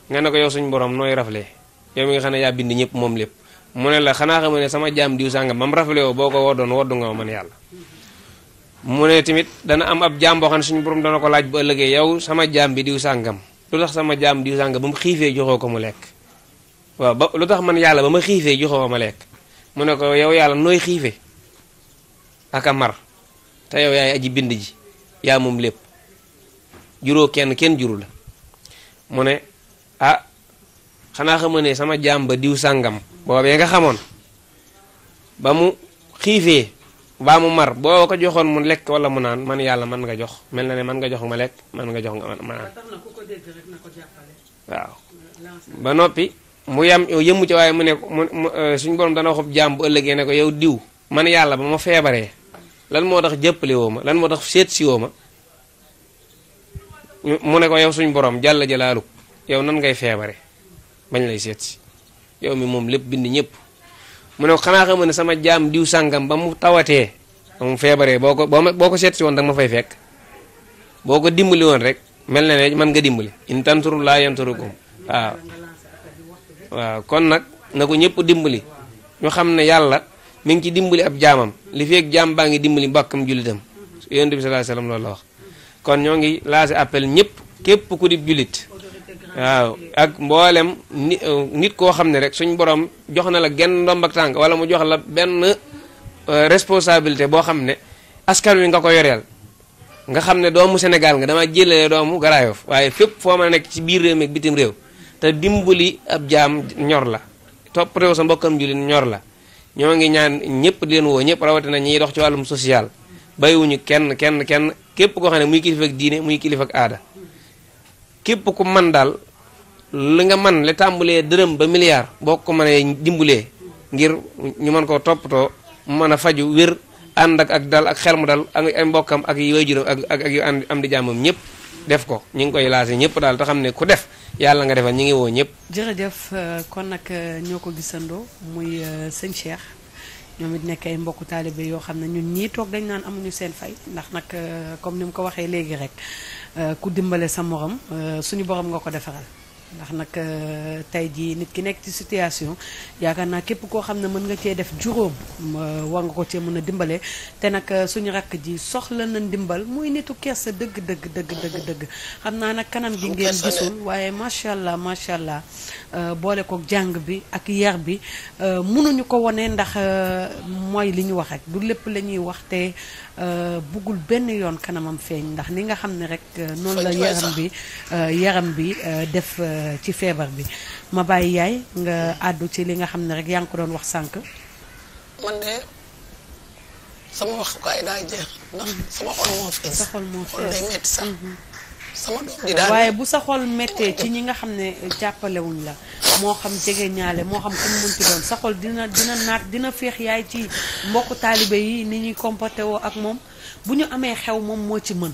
nga ne ko yow suñ borom nooy raflee yow mi nga xam ne yaa bind ñëpp moom lépp mu ne la xanaa xam ne sama jaam diw sàngam mam rafale woo boo ko woddoon woddu nga man yàlla mu ne tamit dana am ab jaam xam ne suñu borom dana ko laaj bu ëllëgee yow sama jaam bi diw sàngam lu tax sama jaam diw sàngam ba mu xiifee joxoo ko mu lekk waaw ba lu tax man yàlla ba ma xiifee joxoo ma lekk mu ne ko yow yàlla nooy xiife ak a mar te yow yaay aji bind ji yaa moom lépp juróo kenn kenn juru la mu ne ah xanaa xamoon ne sama jaam ba diw sàngam boobee nga xamoon ba mu xiifee baa mu mar boo ko joxoon mu lekk wala mu naan man yàlla man nga jox mel na ne man nga jox ma lekk man nga jox nga ma naan noppi mu yam yëmmu mu ne mu euh, suñu borom dana waxub ëllëgee ne ko yow diw man yàlla ba ma feebaree lan moo tax jëppale ma lan moo tax seet si woo ma mu ne ko yow suñu boroom jàll jalaaluk yow nan ngay feebare bañ lay seet si yow mi moom lépp bind ñëpp mu ne ko xanaa xam ne sama jaam diw sàngam ba mu tawatee ba mu feebaree boo ko boo ko seet woon danga ma fay fekk boo ko dimbali woon rek mel na ne man nga dimbali in tanturu laa yanturukum waaw waaw kon nag na ko ñëpp dimbali ñu xam ne yàlla mi ngi ci dimbali ab jaamam li feeg baa ngi dimbali mbàkkam jullitam yonent bi sallallahu loolu la wax kon ñoo ngi laasi appel ñëpp képp ku di jullit waaw ak mboolem uh, nit koo xam ne rek suñ borom jox na la genn ndomb ak tànk wala mu jox la benn uh, responsabilité boo xam ne askan wi nga ko yoreel nga xam ne doomu Sénégal nga dama jëlee doomu Garaayof waaye fépp foo ma a nekk ci biir réew mi bitim réew te dimbali ab jaam ñor la topp réew sa mbokkam jullit ñor la ñoo ngi ñaan ñëpp di woo ñëpp rawatina ñiy dox ci wàllum social bàyyiwuñu kenn kenn kenn képp koo xam ne muy kilifa ak diine muy kilifa ak aada képp ku man daal li nga man li tàmbulee dërëm ba milliard boo ko mënee dimbulee ngir ñu mën koo toppatoo mën a faju wér ànd ak ak dal ak xel mu dal ak mbokkam ak yu waajuram ak ak ak yu am di jàmmam ñëpp def ko ñu ngi koy laasé ñëpp daal te xam ne ku def yàlla nga defal ñu ngi woo ñëpp. jërëjëf euh, kon nag euh, ñoo ko gisandoo muy euh, sëñ Cheikh ñoom it nekk ay mbokku taalibe yoo xam ne ñun ñii toog dañ naan amuñu seen fay ndax nag comme ni mu ko waxee léegi rek. Euh, ku dimbale sa morom euh, suñu borom nga ko defaral ndax nag euh, tey jii nit ki nekk ci situation yaakaar naa képp koo xam ne mën nga cee def juróom war nga ko cee mën a dimbale te nag suñu rakk ji soxla na ndimbal muy nitu kersa dëgg dëgg dëgg dëgg dëgg xam naa nag kanam gi ngeen gisul waaye macha allah macha allah Euh, boole kook jàng bi ak yar bi euh, mënuñu ko wone ndax euh, mooy li ñu wax rek du lépp lañuy ñuy wax te buggul benn yoon kanamam feeñ ndax ni nga xam ne rek noonu la yaram bi yaram bi def ci feebar bi ma bàyyi yaay nga àddu ci li nga xam ne rek yaa ngi ko doon wax sànq man de sama waxukaay daa jeex ndax sama xol moo fees xol day metti sama waaye bu sa xol méttee ci ñi nga xam ne jàppalewuñ la moo xam jege ñaale moo xam comme mun doon sa xol dina dina naat dina féex yaay ci mbokku taalibe yi ni ñuy comporté woo ak moom bu ñu amee xew moom moo ci mën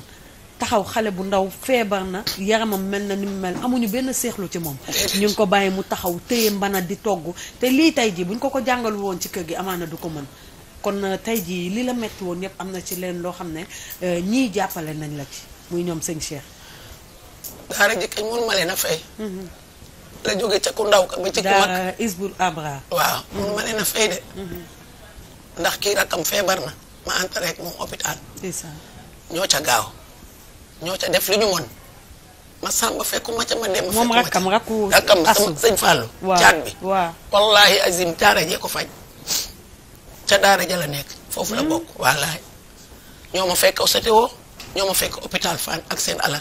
taxaw xale bu ndaw feebar na yaramam mel na ni mu mel amuñu benn seexlu ci moom ñu ngi ko bàyyi mu taxaw téye mbana di togg te lii tey ji buñ ko ko jàngalu woon ci kër gi amaana du ko mën kon euh, tey jii li la metti woon yëpp am na ci leen loo xam ne euh, ñii jàppale nañ la ci muy ñoom sëñ Cheikh daara ji kañ mun ma leen a fay. la jóge ca ku ndaw ka ba ci mag waaw mhm. mun ma leen a fay de. Mhm. ndax kii rakam feebar na ma ànd rek moom hôpital. ñoo ca gaaw ñoo ca def li ñu mën ma sàmba fekkuma ca ma dem. fekkuma ca moom rakkam rakku rakkam sama sëñ Fallou. waaw caat bi wallaahi azim daara jee ko faj. ca daara ja nekk. foofu la mhm. bokk wallaahi ñoo ma fekk au CTO ñoo ma fekk hôpital Fann ak seen alal.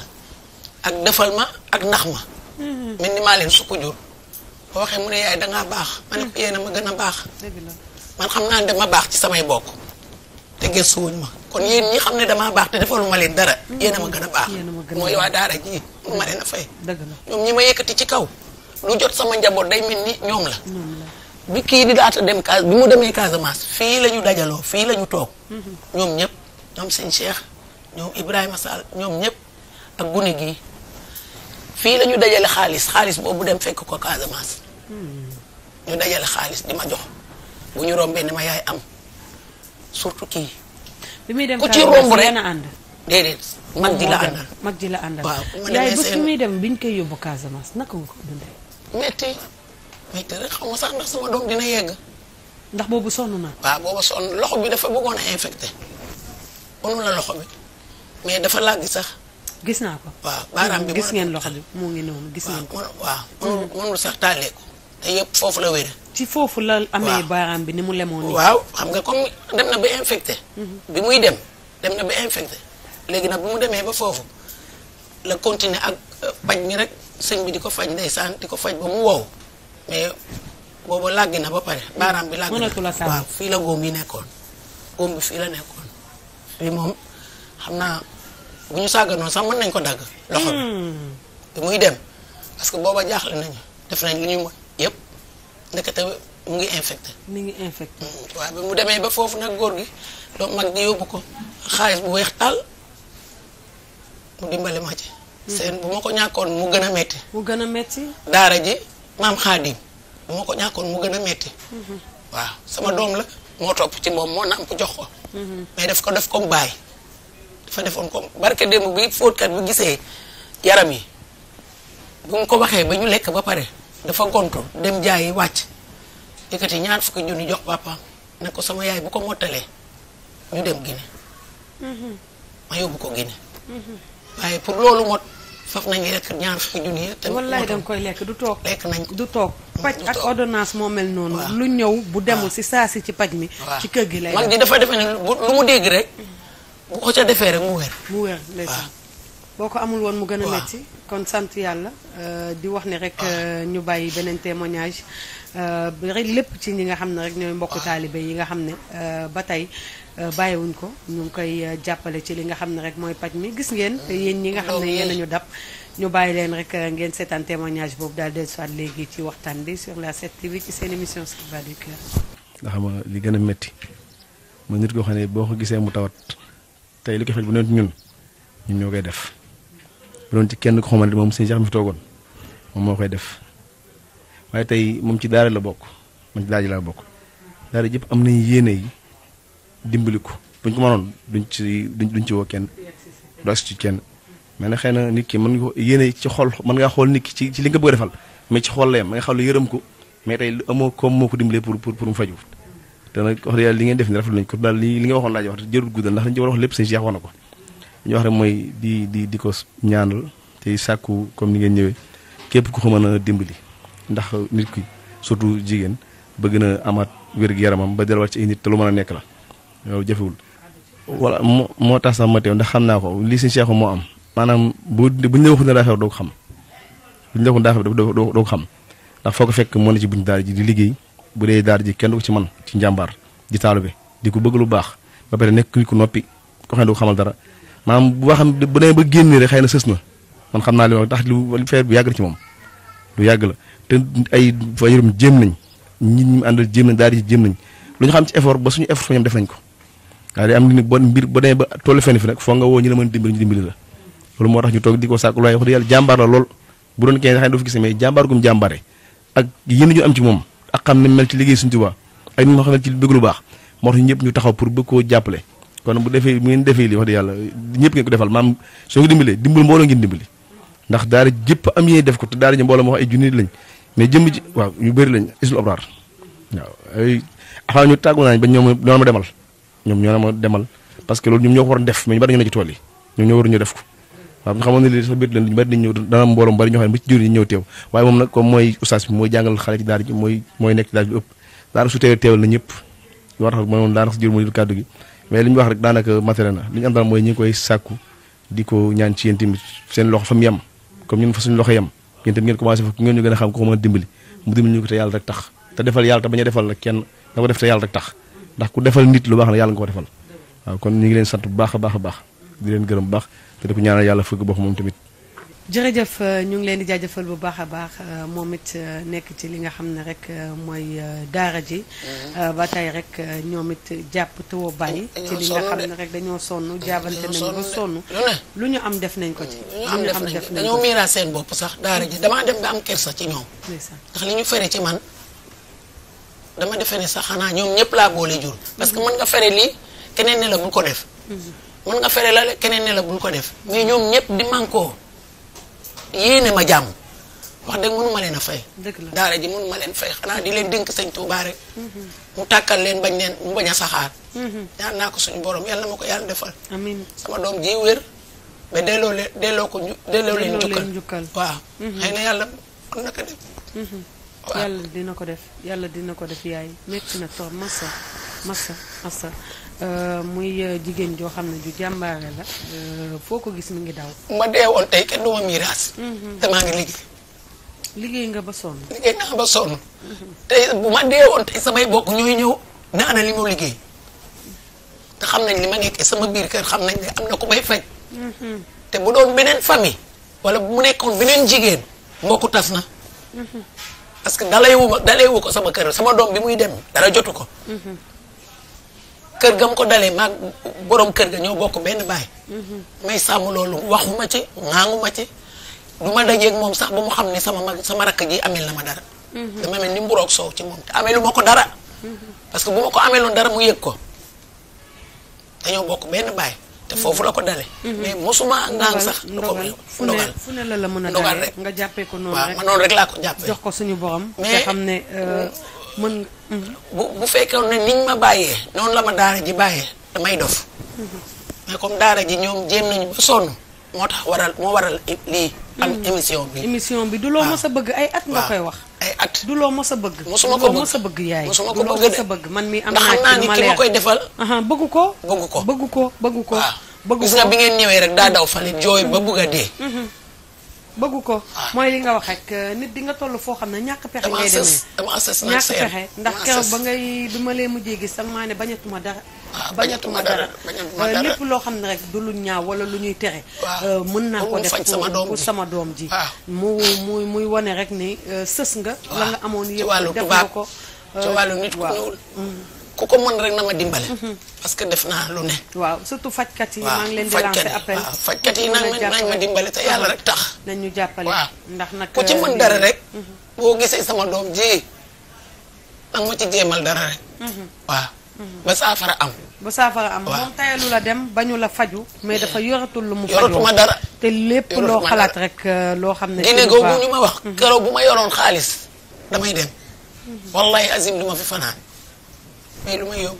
ak defal ma ak ndax ma. mel mm-hmm. ni maa leen sukk jur. boo waxee mu ne yaay dangaa baax. ma ne ko mm-hmm. yéen a ma gën a baax. man xam naa ne dama baax ci samay bokk. te gëstu wuñ ma kon yéen ñi xam ne damaa baax te defalu ma leen dara. Mm-hmm. yéen ma gën a baax. mooy waa daara ji mu ma leen a fay. ñoom ñi ma yëkkati ci kaw. lu jot sama njaboot day mel ni ñoom la. bi kii di laata dem Cas bi mu demee Casamance fii la ñu dajaloo fii la ñu toog. ñoom ñëpp ñoom sëñ Cheikh ñoom Ibrahima Sall ñoom ñëpp ak gune gi fii la dajale xaalis xaalis boobu dem fekk ko Casamance. ñu dajale xaalis di ma jox bu ñu rombee ni ma yaay am surtout kii. bi muy dem ku ci romb rek ànd mag ji la àndal mag ji la àndal. waaw yaay bu muy dem biñ koy yóbbu Casamance naka nga ko dundee. metti metti rek xaw ma sax ndax sama doom dina yegg. ndax boobu sonn na. waaw boobu sonn loxo bi dafa bëggoon a infecté. unu la loxo bi mais dafa làgg sax. gis naa ko. waaw baaraam bi gis ngeen loxo bi moo ngi noonu gis ngeen ko. waaw mënul mënul sax taalee ko te yëpp foofu la wér. ci foofu la amee baaraam bi ni mu lemoon nii. waaw xam nga comme dem na ba infecté. Mhm. bi muy dem dem na ba infecté léegi nag bu mu demee ba foofu la continuer ak paj euh, ngi rek sëñ bi di ko faj ndeysaan di ko faj ba mu wow mais boobu làggi na ba pare baaraam bi. làggi na waaw fii la góom yi nekkoon góom bi fii la nekkoon fii moom xam naa. bu ñu sàgganoon sax mën nañ ko dagg. loxo bi hmm. muy dem parce que booba jaaxle nañu def nañ lu ñu mën yëpp ndekete mu ngi infect mu ngi infecté. Hmm. waaw bi mu demee ba foofu nag góor gi donc mag gi yóbbu ko xaalis bu weex tàll mu dimbali ma ci. Hmm. seen bu ma ko ñàkkoon mu gën a metti. mu gën a metti. daara ji maam xaadim bu ma ko ñàkkoon mu gën a metti. waaw sama doom la moo topp ci moom moo nàmp jox ko. mais daf ko def ko bàyyi. dafa defoon ko barke démb bi fóotkat bu gisee yaram yi bu mu ko waxee ba ñu lekk ba pare dafa gontu dem yi wàcc yëkkati ñaar fukki junni jox papa ne ko sama yaay bu ko mottalee ñu dem Guinée mhm. ko Guinée mhm. waaye pour loolu mot faf nañu lekk ñaar fukki junni yëpp. te wallaay da koy lekk du toog. lekk nañ ko du toog. Mm, paj ak ordonnance moo mel noonu. lu ñëw bu demul si saa si ci paj mi. ci kër gi lay mag ji dafa defe ne lu mu dégg rek. Mm. boo ko ca defee rek mu wér. mu wér boo ko amul woon mu gën a metti kon sant yàlla euh, di wax ne rek euh, ñu bàyyi beneen témoignage euh, rek lépp ci ñi nga xam ne rek ñooy mbokku taalibe yi nga xam ne ba tey bàyyiwuñ ko ñu ngi koy jàppale ci li nga xam ne rek mooy paj mi gis ngeen yéen ñi nga xam ne yéen ñu dab ñu bàyyi leen rek ngeen seetaan témoignage boobu daal de soit léegi ci waxtaan bi sur la 7 TV ci seen émission Sourires du Cœur. nga xam li gën a métti mu nit koo xam ne boo ko gisee mu tawat. tey li ko fekk bu doon ñun ñun ñoo koy def bu doon ci kenn ko moom sëñ Cheikh mi fi toogoon moom moo koy def waaye tey moom ci daara la bokk moom ci daara ji laa bokk daara yëpp am nañu yéene yi dimbali ko buñ ko mënoon duñ ci duñ ci woo kenn du ci kenn na nit ki mën nga ko yéene ci xol mën ngaa xool nit ci ci li nga bëgg a defal mais ci xol la yem nga xam ne yërëm ko mais tey amoo koom moo ko dimbalee pour pour pour mu faju te nag wax dëgg li ngeen def ni rafetlu nañ ko daal li li nga waxoon laaj wax jërul guddal ndax dañu ci war a wax lépp sëñ na ko ñu wax rek mooy di di di ko ñaanal te sàkku comme ni ngeen ñëwee képp ku ko mën a dimbali ndax nit ki surtout jigéen bëgg na amaat wér-gu-yaramam ba delluwaat ci ay lu mën nekk la loolu jafewul wala moo tax sax ma teew ndax xam naa ko lii si Cheikh moo am maanaam bu buñ la waxoon ne daa feebar doo ko xam buñ la waxoon daa feebar doo xam ndax foo ko fekk moo ne ci buñ daal ji di liggéey bu dee daara ji kenn du ko ci man ci njàmbaar di taalu bi di ko bëgg lu baax ba pare nekk ku noppi ko xam ne du ko xamal dara maanaam bu xam bu demee ba génn rek xëy na sës na man xam naa li ma tax lu feer bu yàgg la ci moom lu yàgg la te ay fajurum jéem nañ nit ñi àndal jéem nañ daara ji jéem nañ lu ñu xam ci effort ba suñu effort ko waaye day am ni bon mbir ba demee ba tollu fi foo nga woo ñu la mën dimbali ñu dimbali la ko sàkk lu waaye wax dëgg lool bu doon kenn xëy na du fi gis gum jàmbaare ak yéen ñu am ci moom ak xam ne mel ci liggéey Sëriñ Tuubaa ay nu ma xam ne ci bëgg lu baax moo tax ñëpp ñu taxaw pour bëgg koo jàppale kon bu defee bu ngeen defee li wax dëgg yàlla ñëpp ngeen ko defal maam soo ngi dimbalee dimbal mbooloo ngeen dimbali ndax daara jëpp am yéene def ko te daara ji mbooloo moo wax ay junni lañ mais jëmm ji waaw ñu bëri lañ isul obraar waaw ay afaa ñu tàggu naañ ba ñoom ñoo ma demal ñoom ñoo ma demal parce que loolu ñoom ñoo ko waroon def mais ñu bari ñoo ne ci tool yi ñoom ñoo def ko waaw ñu xamoon ne lii sax biir leen duñu bari dana mbooloo bari ñoo xam ci jur ñu ñëw teew waaye moom nag comme mooy ustaas bi mooy jàngal xale ci daara mooy nekk ci daara bi ëpp a tax mooy moom daanaka si jur ñu wax rek daanaka matériel na li ñu am daal mooy ñi koy sàkku di ko ñaan ci yéen tamit seen loxo fa mu yem comme ñu fa suñu loxo yem yéen tamit ngeen commencé fa ñu gën a xam ko mën a dimbali mu dimbali ñu ko te yàlla rek tax te defal yàlla te bañ a defal nag kenn da ko def te yàlla rek tax ndax ku defal nit lu baax na yàlla nga ko defal waaw kon ñu ngi leen sant bu baax a baax a baax di leen gërëm bu baax te di ko ñaanal yàlla fëgg bopp moom tamit. jërëjëf euh, ñu ngi leen di jaajëfal bu baax a baax euh, moom it euh, nekk ci li nga xam ne rek mooy daara ji. Mhm. ba tey rek ñoom it jàpp te tawoo bàyyi. Eh, ci li eh, nga xam ne rek dañoo sonn eh, jaabante nañ ba sonn. lu ñu am def nañ ko ci. lu ñu am def nañ ko dañoo miiraat seen bopp sax daara ji damaa dem ba am kersa ci ñoom. ndax li ñu fere ci man dama defe ne sax xanaa ñoom ñëpp laa boole jur. parce que mën nga fere lii keneen ne la bul ko def. Mhm. mun nga fere la keneen ne la bul ko def mais ñoom ñëpp di mànkoo yéene ma jàmm wax dëgg mënu leen a fay. daara ji mënu ma leen fay xanaa di leen dénk sëñ Tuubaa rek. Mm-hmm. mu tàkkal leen bañ leen mu bañ a saxaar. ñaan mm-hmm. naa ko suñu borom yàlla ma ko yàlla defal. amiin sama doom ji wér. mais delloo leen delloo ko delloo leen njukkal waaw. Mm-hmm. xëy na yàlla mën na ko def. yàlla dina ko def yàlla dina ko def yaay métti na trop massa massa massa. Euh, muy euh, jigéen joo xam ne ju jàmbaare la euh, foo ko gis mu ngi daw. ma dee woon tey kenn du ma miiraas. damaa mhm. ngi liggéey. liggéey nga ba sonn. liggéey naa ba sonn. Mhm. tey bu ma dee woon tey samay bokk ñooy ñëw naana li ma liggéey te xam nañ li ma nekkee sama biir kër xam nañ ne am na ku may faj. Mhm. te bu doon beneen famille. wala bu mu nekkoon beneen jigéen. mbokk tas na. parce que dalay wu ma dalay wu ko sama kër sama doom bi muy dem dara jotu ko. kër ga mu ko dalee maag borom kër ga ñoo bokk benn baay. Mhm. may sàmm loolu waxuma ci ŋaanguma ci du ma dajeeg moom sax ba mu xam ne sama mag sama rakk ji amel na ma dara. Mhm. dama mel ni mburoog soow ci moom te amelu ma ko dara. Mhm. parce que bu ma ko ameloon dara mu yëg ko dañoo bokk benn baay. te foofu la ko dale mais mosuma naan sax. lu ko ndogal fu ne la la mën a dalee nga jàppee ko noonu rek waaw man noonu rek laa ko jàppee. jox ko suñu borom. mais te xam ne euh, euh, mën. bu bu fekkee ne niñ ma bàyyee noonu la ma daara ji bàyyee damay dof mais comme daara ji ñoom jéem nañu ba sonn moo tax waral moo waral lii am mm. émission bi émission bi du loo mës a bëgg ay at nga koy wax ay at du loo mës a bëgg mosuma ko mës a bëgg yaay mosuma ko bëgg man mi am naa xam naa ki ma koy defal bëgg ko bëgg ko bëgg ko bëgg ko bëgg ko bi ngeen ñëwee rek daa daw fa fale jooy ba bugg dee mm-hmm. bëggu ko ah. mooy li nga wax rek euh, nit di nga toll foo xam ne ñàkk pexe ngay demee ñàkk pexe ndax keroog ba ngay bi ma lee mujjee gis sax maa ne bañatuma dara ah, bañatuma euh, dara lépp loo xam ne rek du lu ñaaw wala lu ñuy tere euh, mën naa ko def pour sama doom ji mu mu muy wane rek ni sës nga la nga amoon yëpp def nga ko ci wàllu nit ku ku ko mën rek na ma dimbale. Mhm. parce que def naa lu ne. waaw surtout fajkat yi. maa ngi leen di lancer appel waaw fajkat yi nañ ma dimbale te yàlla rek tax. nañu jàppale ndax nag ku ci mën euh, dara rek. Mhm. boo gisee sama doom ji nag ma ci jéemal dara rek. Mhm. waaw ba saafara am. ba saafara am moom tayalu la dem ñu la faju mais dafa yoratul lu mu. yoratuma dara te lépp loo xalaat rek euh, loo xam ne. Guinée googu ñu ma wax. keroog bu ma yoroon xaalis damay dem. wallahi azim duma fi mais lu may yóbbu.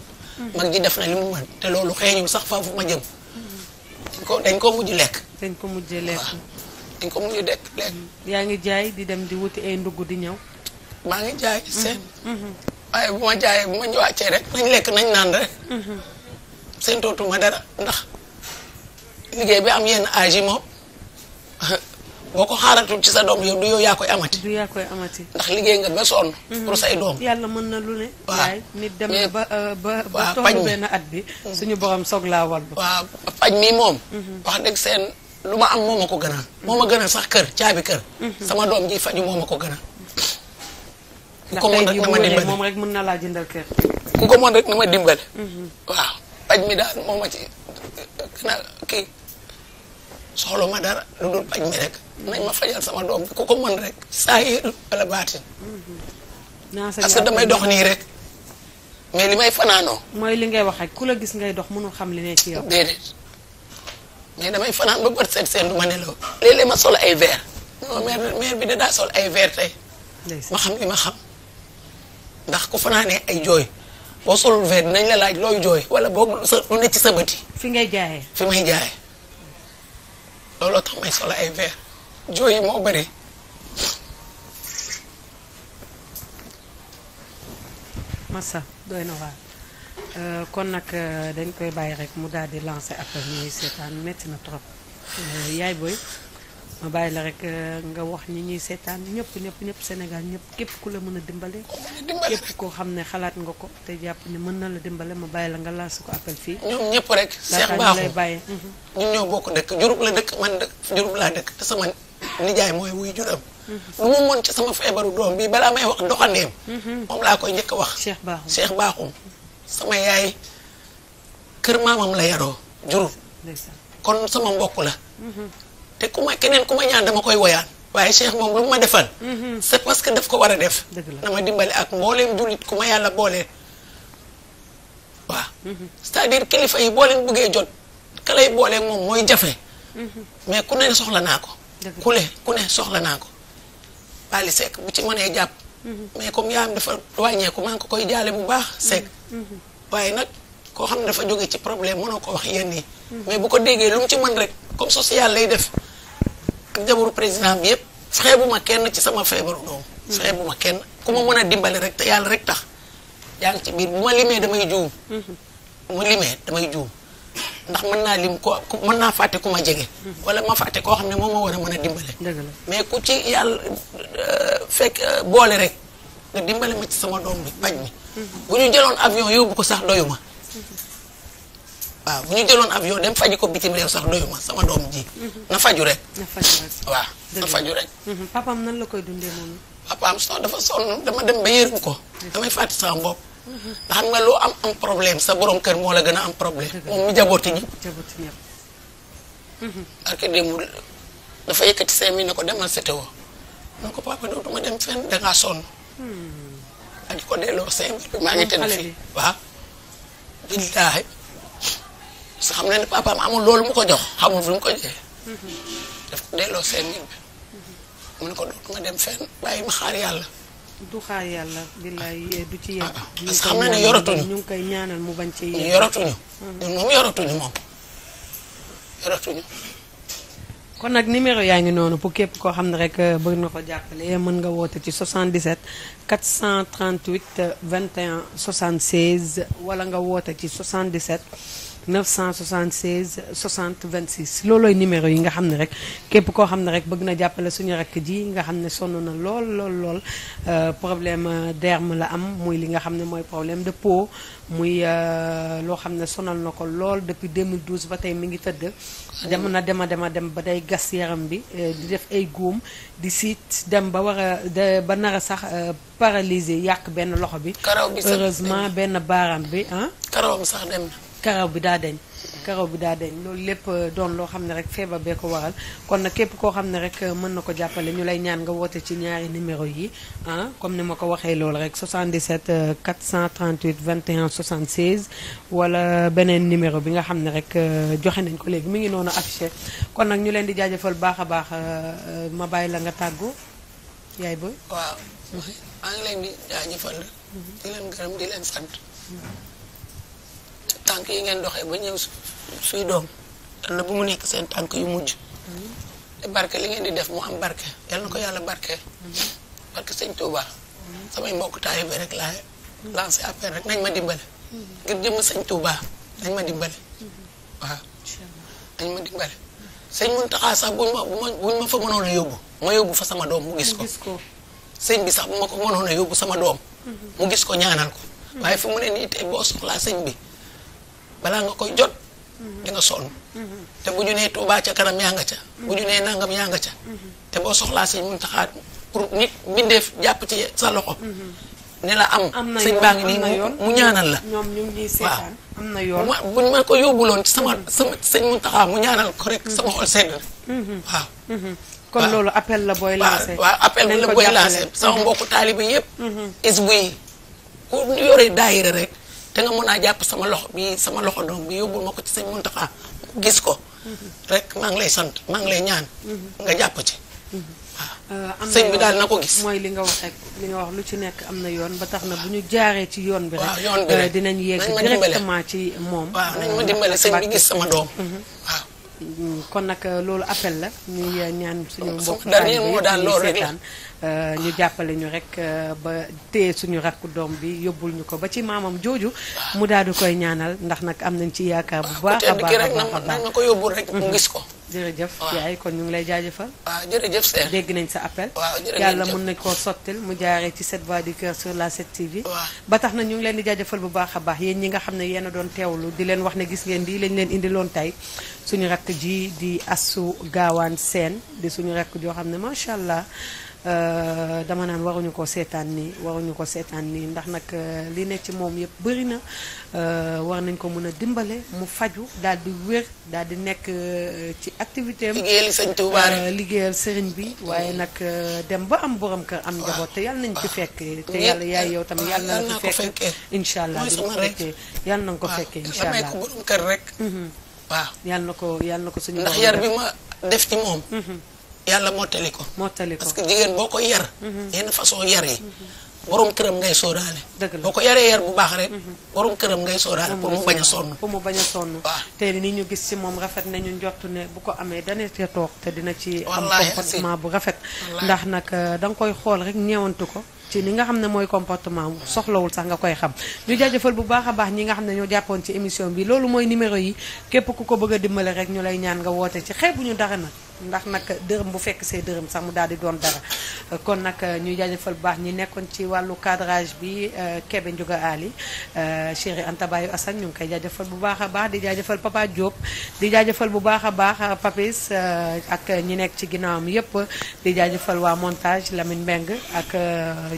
mag ji def na li mu mën te loolu xeeñul sax faafu ma jëm. dañ ko dañ ko mujj lekk. dañ ko mujj lekk dañ ko mujj lekk yaa ngi jaay di dem di wuti ay ndugg di ñëw. maa ngi jaay mhm. seen. Mhm. waaye bu ma jaayee bu ma ñëwaatee rek nañ lekk nañ naan rek. Mhm. seen tootuma dara ndax liggéey bi am yenn âge moom. boo ko xaaratul ci sa doom yow du yaa koy amati. du yaa koy amati. ndax liggéey nga ba sonn. Mhm. pour say doom. yàlla mën na lu ne. waa nit dem euh, ba ba ba tollu benn at bi. suñu borom soog laa wal. waaw paj mi moom. Mhm. wax dëgg seen lu ma am ma ko gënal. Mhm. moo ma gënal sax kër caabi kër. sama doom ji faju moo ma ko gënal. ku ko mën rek moom rek mën na laa jëndal kër. ku ko mën rek na ma dimbale. waaw ci gën a kii soxla ma dara lu dul paj mi rek. nañ ma fajal sama doom bi ku ko mën rek saahir wala baatin parce que damay dox nii rek mais li may fanaanoo mooy li ngay wax ak ku la gis ngay dox mënul xam li ne ci yow déedéet mais damay fanaan ba bët seen ma nelaw léeg ma sol ay verre non bi de daa sol ay ver tey ma xam li ma xam ndax ku fanaanee ay jooy boo solul verre dinañ la laaj looy jooy wala boog sa lu ne ci sa bët fi ngay jaayee fi may jaayee looloo tax may sol ay verre jooy yi moo bëri massa doy na waar euh, kon nag euh, dañ koy bàyyi rek mu daal di lancer appel ñuy seetaan métti na trop euh, yaay booy ma bàyyi la rek nga wax ñi ñuy seetaan ñëpp ñëpp ñëpp senegal ñëpp képp ku la mën a dimbale képp koo xam ne xalaat nga ko te jàpp ni mën na la dimbale ma bàyyi la nga lancer ko appel fii ñoom ñëpp rek Cheikh Bakhoum lay bàyyi mhm. ñun ñoo dëkk Diouroup la dëkk man dëkk Diouroup laa dëkk te sama nijaay mooy wuy juram. lu mu mën ci sama feebaru doom bi balaa may wax doxandeem. moom laa koy njëkk wax. seex Bakhoum Cheikh Bakhoum sama yaay kër maamam la yaroo jurul. kon sama mbokk la. te ku ma keneen ku ma ñaan dama koy woyaan. waaye Cheikh moom lu ma defal. c'est parce que daf ko war a def. dëgg dama dimbali ak mbooleem jullit ku ma yàlla booleel. waaw cest à kilifa yi boo leen jot ka lay booleeg moom mooy jafe. Mhm. mais ku ne soxla naa ko. ku ne ku ne soxla naa ko Wally Seck bu ci mënee jàpp mhm. mais comme yaayam dafa wàññeeku maa ngi ko koy jaale bu baax Seck mhm. Mhm. waaye nag koo xam ne dafa jóge ci problème mënoo ko wax yenn yi mais bu ko déggee lu mu ci mën rek comme social lay def ak jabaru président bi yëpp xeebu ma kenn ci sama feebaru doom xeebu ma kenn ku ma mën a dimbali rek te yàlla rek tax yaa ci biir bu ma limee damay juum bu ma limee damay juum ndax mën naa lim ko mën naa fàtte ku ma jege. wala ma fàtte koo xam ne moom moo war a mën a dimbale. mais ku ci yàlla euh, fekk euh, boole rek nga dimbale ma ci sama doom bi bañ mi. bu ñu jëloon avion yóbbu ko sax doyuma. waaw bu ñu jëloon avion dem faji ko bitim réew sax doyuma sama doom ji. na faju rek. na faju rek waaw na nan la koy dundee moom. papaam son dafa sonn dama dem ba yërëm ko. damay fàtte sama bopp. xam nga loo am am problème sa borom kër moo la gën a am problème moom mi jabooti ñi ak démb dafa yëkkati ne ko demal setewoo mun ko papa dootuma dem fenn dangaa sonn hmm. ko delloo cinq mille bi maa ngi tëdd xam ne ne papaam amul loolu mu ko jox xamul fi mu ko joxee daf delloo cinq mu ne ko dootuma dem fenn bàyyi ma xaar yàlla du xaar yàlla billaay du ci yem. Ah, parce xam ne yoratuñu ñu ngi koy ñaanal mu bañ ci yem. Hmm. yoratuñu. kon nag numéro yaa ngi noonu pour képp koo xam ne rek euh, bëgg na ko jàppale mën nga woote ci 77 438 21 76 wala nga woote ci 77. 976 60 26 loolooy numéro yi nga xam ne rek képp koo xam ne rek bëgg na jàppale suñu rakk ji nga xam ne sonn na lool lool lool euh, problème euh, derm la am muy li nga xam ne mooy problème de peau muy euh, loo xam ne sonal na ko lool depuis 2012 ba tey mi ngi tëdd dem na dema dema dem ba day gas yaram bi di def ay góom di siit dem ba war a ba nar a sax paralysé yàq benn loxo bi heureusement benn baaraam bi ah karawam sax dem na karaw bi daa deñ karaw bi daa loolu lépp euh, doon loo xam ne rek feebar bee ko waral kon nag képp koo xam ne rek euh, mën na ko jàppale ñu lay ñaan nga woote ci ñaari numéro yi ah comme ni ma ko waxee loolu rek 77 438 21 76 wala beneen numéro bi nga xam ne rek euh, joxe nañ ko léegi mi ngi noonu affiché kon nag ñu leen di jaajëfal baax a baax ma bàyyi la nga tàggu yaay ba waaw maa leen di jaajëfal di leen gërëm di tànk yi ngeen doxee ba ñëw suy doom yal na bu mu nekk seen tànk yu mujj mm-hmm. te barke li ngeen di def mu am barke yal na ko yàlla barke mm-hmm. barke sëñ Touba mm-hmm. samay mbokk taalibe rek laay lancé affaire rek nañ ma dimbale ngir jëmm sëñ Touba nañ ma dimbale waaw nañ ma dimbale sëñ taxaa sax buñ ma fa mënoon a yóbbu ma yóbbu fa sama doom mu gis ko sëñ bi sax bu ma ko mënoon a yóbbu sama doom mu gis ko ñaanal ko waaye fi mu ne nii tey boo soxlaa sëñ bi balaa nga koy jot mhm. di nga sonn mhm. te bu ñu nee Tuubaa ca kanam yaa nga ca bu ñu nee mhm. nangam yaa nga ca te boo soxlaa sëñ Muntaxaa pour nit bindeef jàpp ci sa loxo ne la am sëñ baa ngi nii mu ñaanal la waaw am na yoon buñ ma ko yóbbuloon ci sama sama sëñ Muntaxaa mu ñaanal ko rek sama xol sedd na waaw kon loolu appel la booy lancé waaw appel la booy lancé sama mbokku taalibe yëpp is bu yi ku rek te nga mën a jàpp sama loxo bi sama loxo doom bi yóbbul ma ko ci sëñ Muntaxa gis ko rek maa ngi lay sant maa ngi lay ñaan nga jàpp ci waaw sëñ bi daal na ko gis li nga wax li nga wax lu ci nekk am na yoon ba tax na bu ñu jaaree ci yoon bi rek yoon bi euh, rek dinañ yegg directement ci moom waaw nañ ma dimbale sëñ bi gis sama doom mm-hmm. kon nag euh, loolu appel la ñuy euh, ñaan suñu mbokk daal moo daal loolu rek Euh, ñu jàppale ñu rek euh, ba téye suñu rakku doom bi yóbbul ñu ko ba ci maamam jooju mu daal di koy ñaanal ndax nag am nañ ci yaakaar bu baax a baax rek na ko yóbbul mu gis ko jërëjëf yaay kon ñu ngi lay jaajëfal waaw jërëjëf dégg nañ sa appel yàlla mën nañ koo sottil mu jaaree ci 7 voix du cœur sur la 7 TV ba tax na ñu ngi leen di jaajëfal bu baax a baax yéen ñi nga xam ne yéen a doon teewlu di leen wax ne gis ngeen di lañ leen indi loon tey suñu rakk ji di assu gaawaan seen di suñu rakk joo xam ne macha allah Euh, dama naan waruñu ko seetaan nii waruñu ko seetaan nii ndax nag euh, li nekk ci moom yëpp bëri na euh, war nañ ko mën a dimbale mu faju daal di wér daal di nekk ci activité am liggéeyal sëñ Tuubaa liggéeyal sëriñ bi waaye nag dem ba am borom kër am njaboot te yàlla nañ ci ah. fekk ah. te yàlla yaay yow tamit yàlla na ah, ko fekkee incha allah di ko fekkee yàlla na ko fekkee ko borom mhm. na ko yàlla na ko suñu ndax yar bi ma def ci moom mhm. yàlla mottali ko. mottali ko parce que jigéen boo ko yar. Mhm. yenn façon yar yi. Mhm. borom këram ngay sóoraale. dëgg boo ko yaree yar bu baax rek. Mhm. borom këram ngay sóoraale. pour mu bañ a sonn pour mu bañ a te ni ñu gis ci moom rafet nañu njott ne bu ko amee dana te te dina ci. am comportement bu rafet. ndax nag euh, da nga koy xool rek ñeewantu ko. ci li nga xam ne mooy comportement soxlawul sax nga koy xam ñu jaajëfal bu baax a baax ñi nga xam ne ñoo jàppoon ci émission bi loolu mooy numéro yi képp ku ko bëgg dimbali rek ñu lay ñaan nga wootee ci ñu dara nag ndax nag dërëm bu fekk see dërëm sax mu daal di doon dara kon nag euh, ñuy jaajëfal bu baax ñi nekkoon ci wàllu cadrage bi euh, Kébé Ndiouga Ali euh, Chéri Anta Bayou Assane ñu ngi koy jaajafal bu baax a baax di jaajëfal Papa Diop di jaajëfal bu baax a baax Papis ak ñi nekk ci ginnaawam yëpp di jaajëfal waa montage Lamine Mbengue ak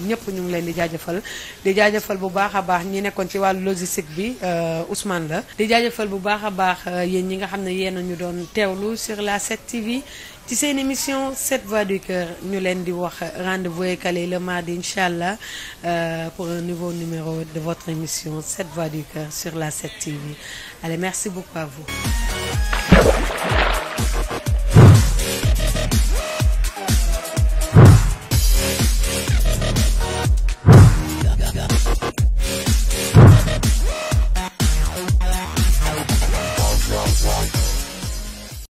ñëpp ñu ngi leen di jaajëfal di jaajëfal bu baax a baax ñi nekkoon ci wàllu logistique bi Ousmane la di jaajëfal bu baax a baax yéen ñi nga xam ne yéen ñu doon teewlu sur la 7 TV ci seen émission 7 voix du cœur ñu leen di wax rendez-vous est calé le mardi incha allah euh, pour un nouveau numéro de votre émission 7 voix du cœur sur la 7 TV allez merci beaucoup à vous.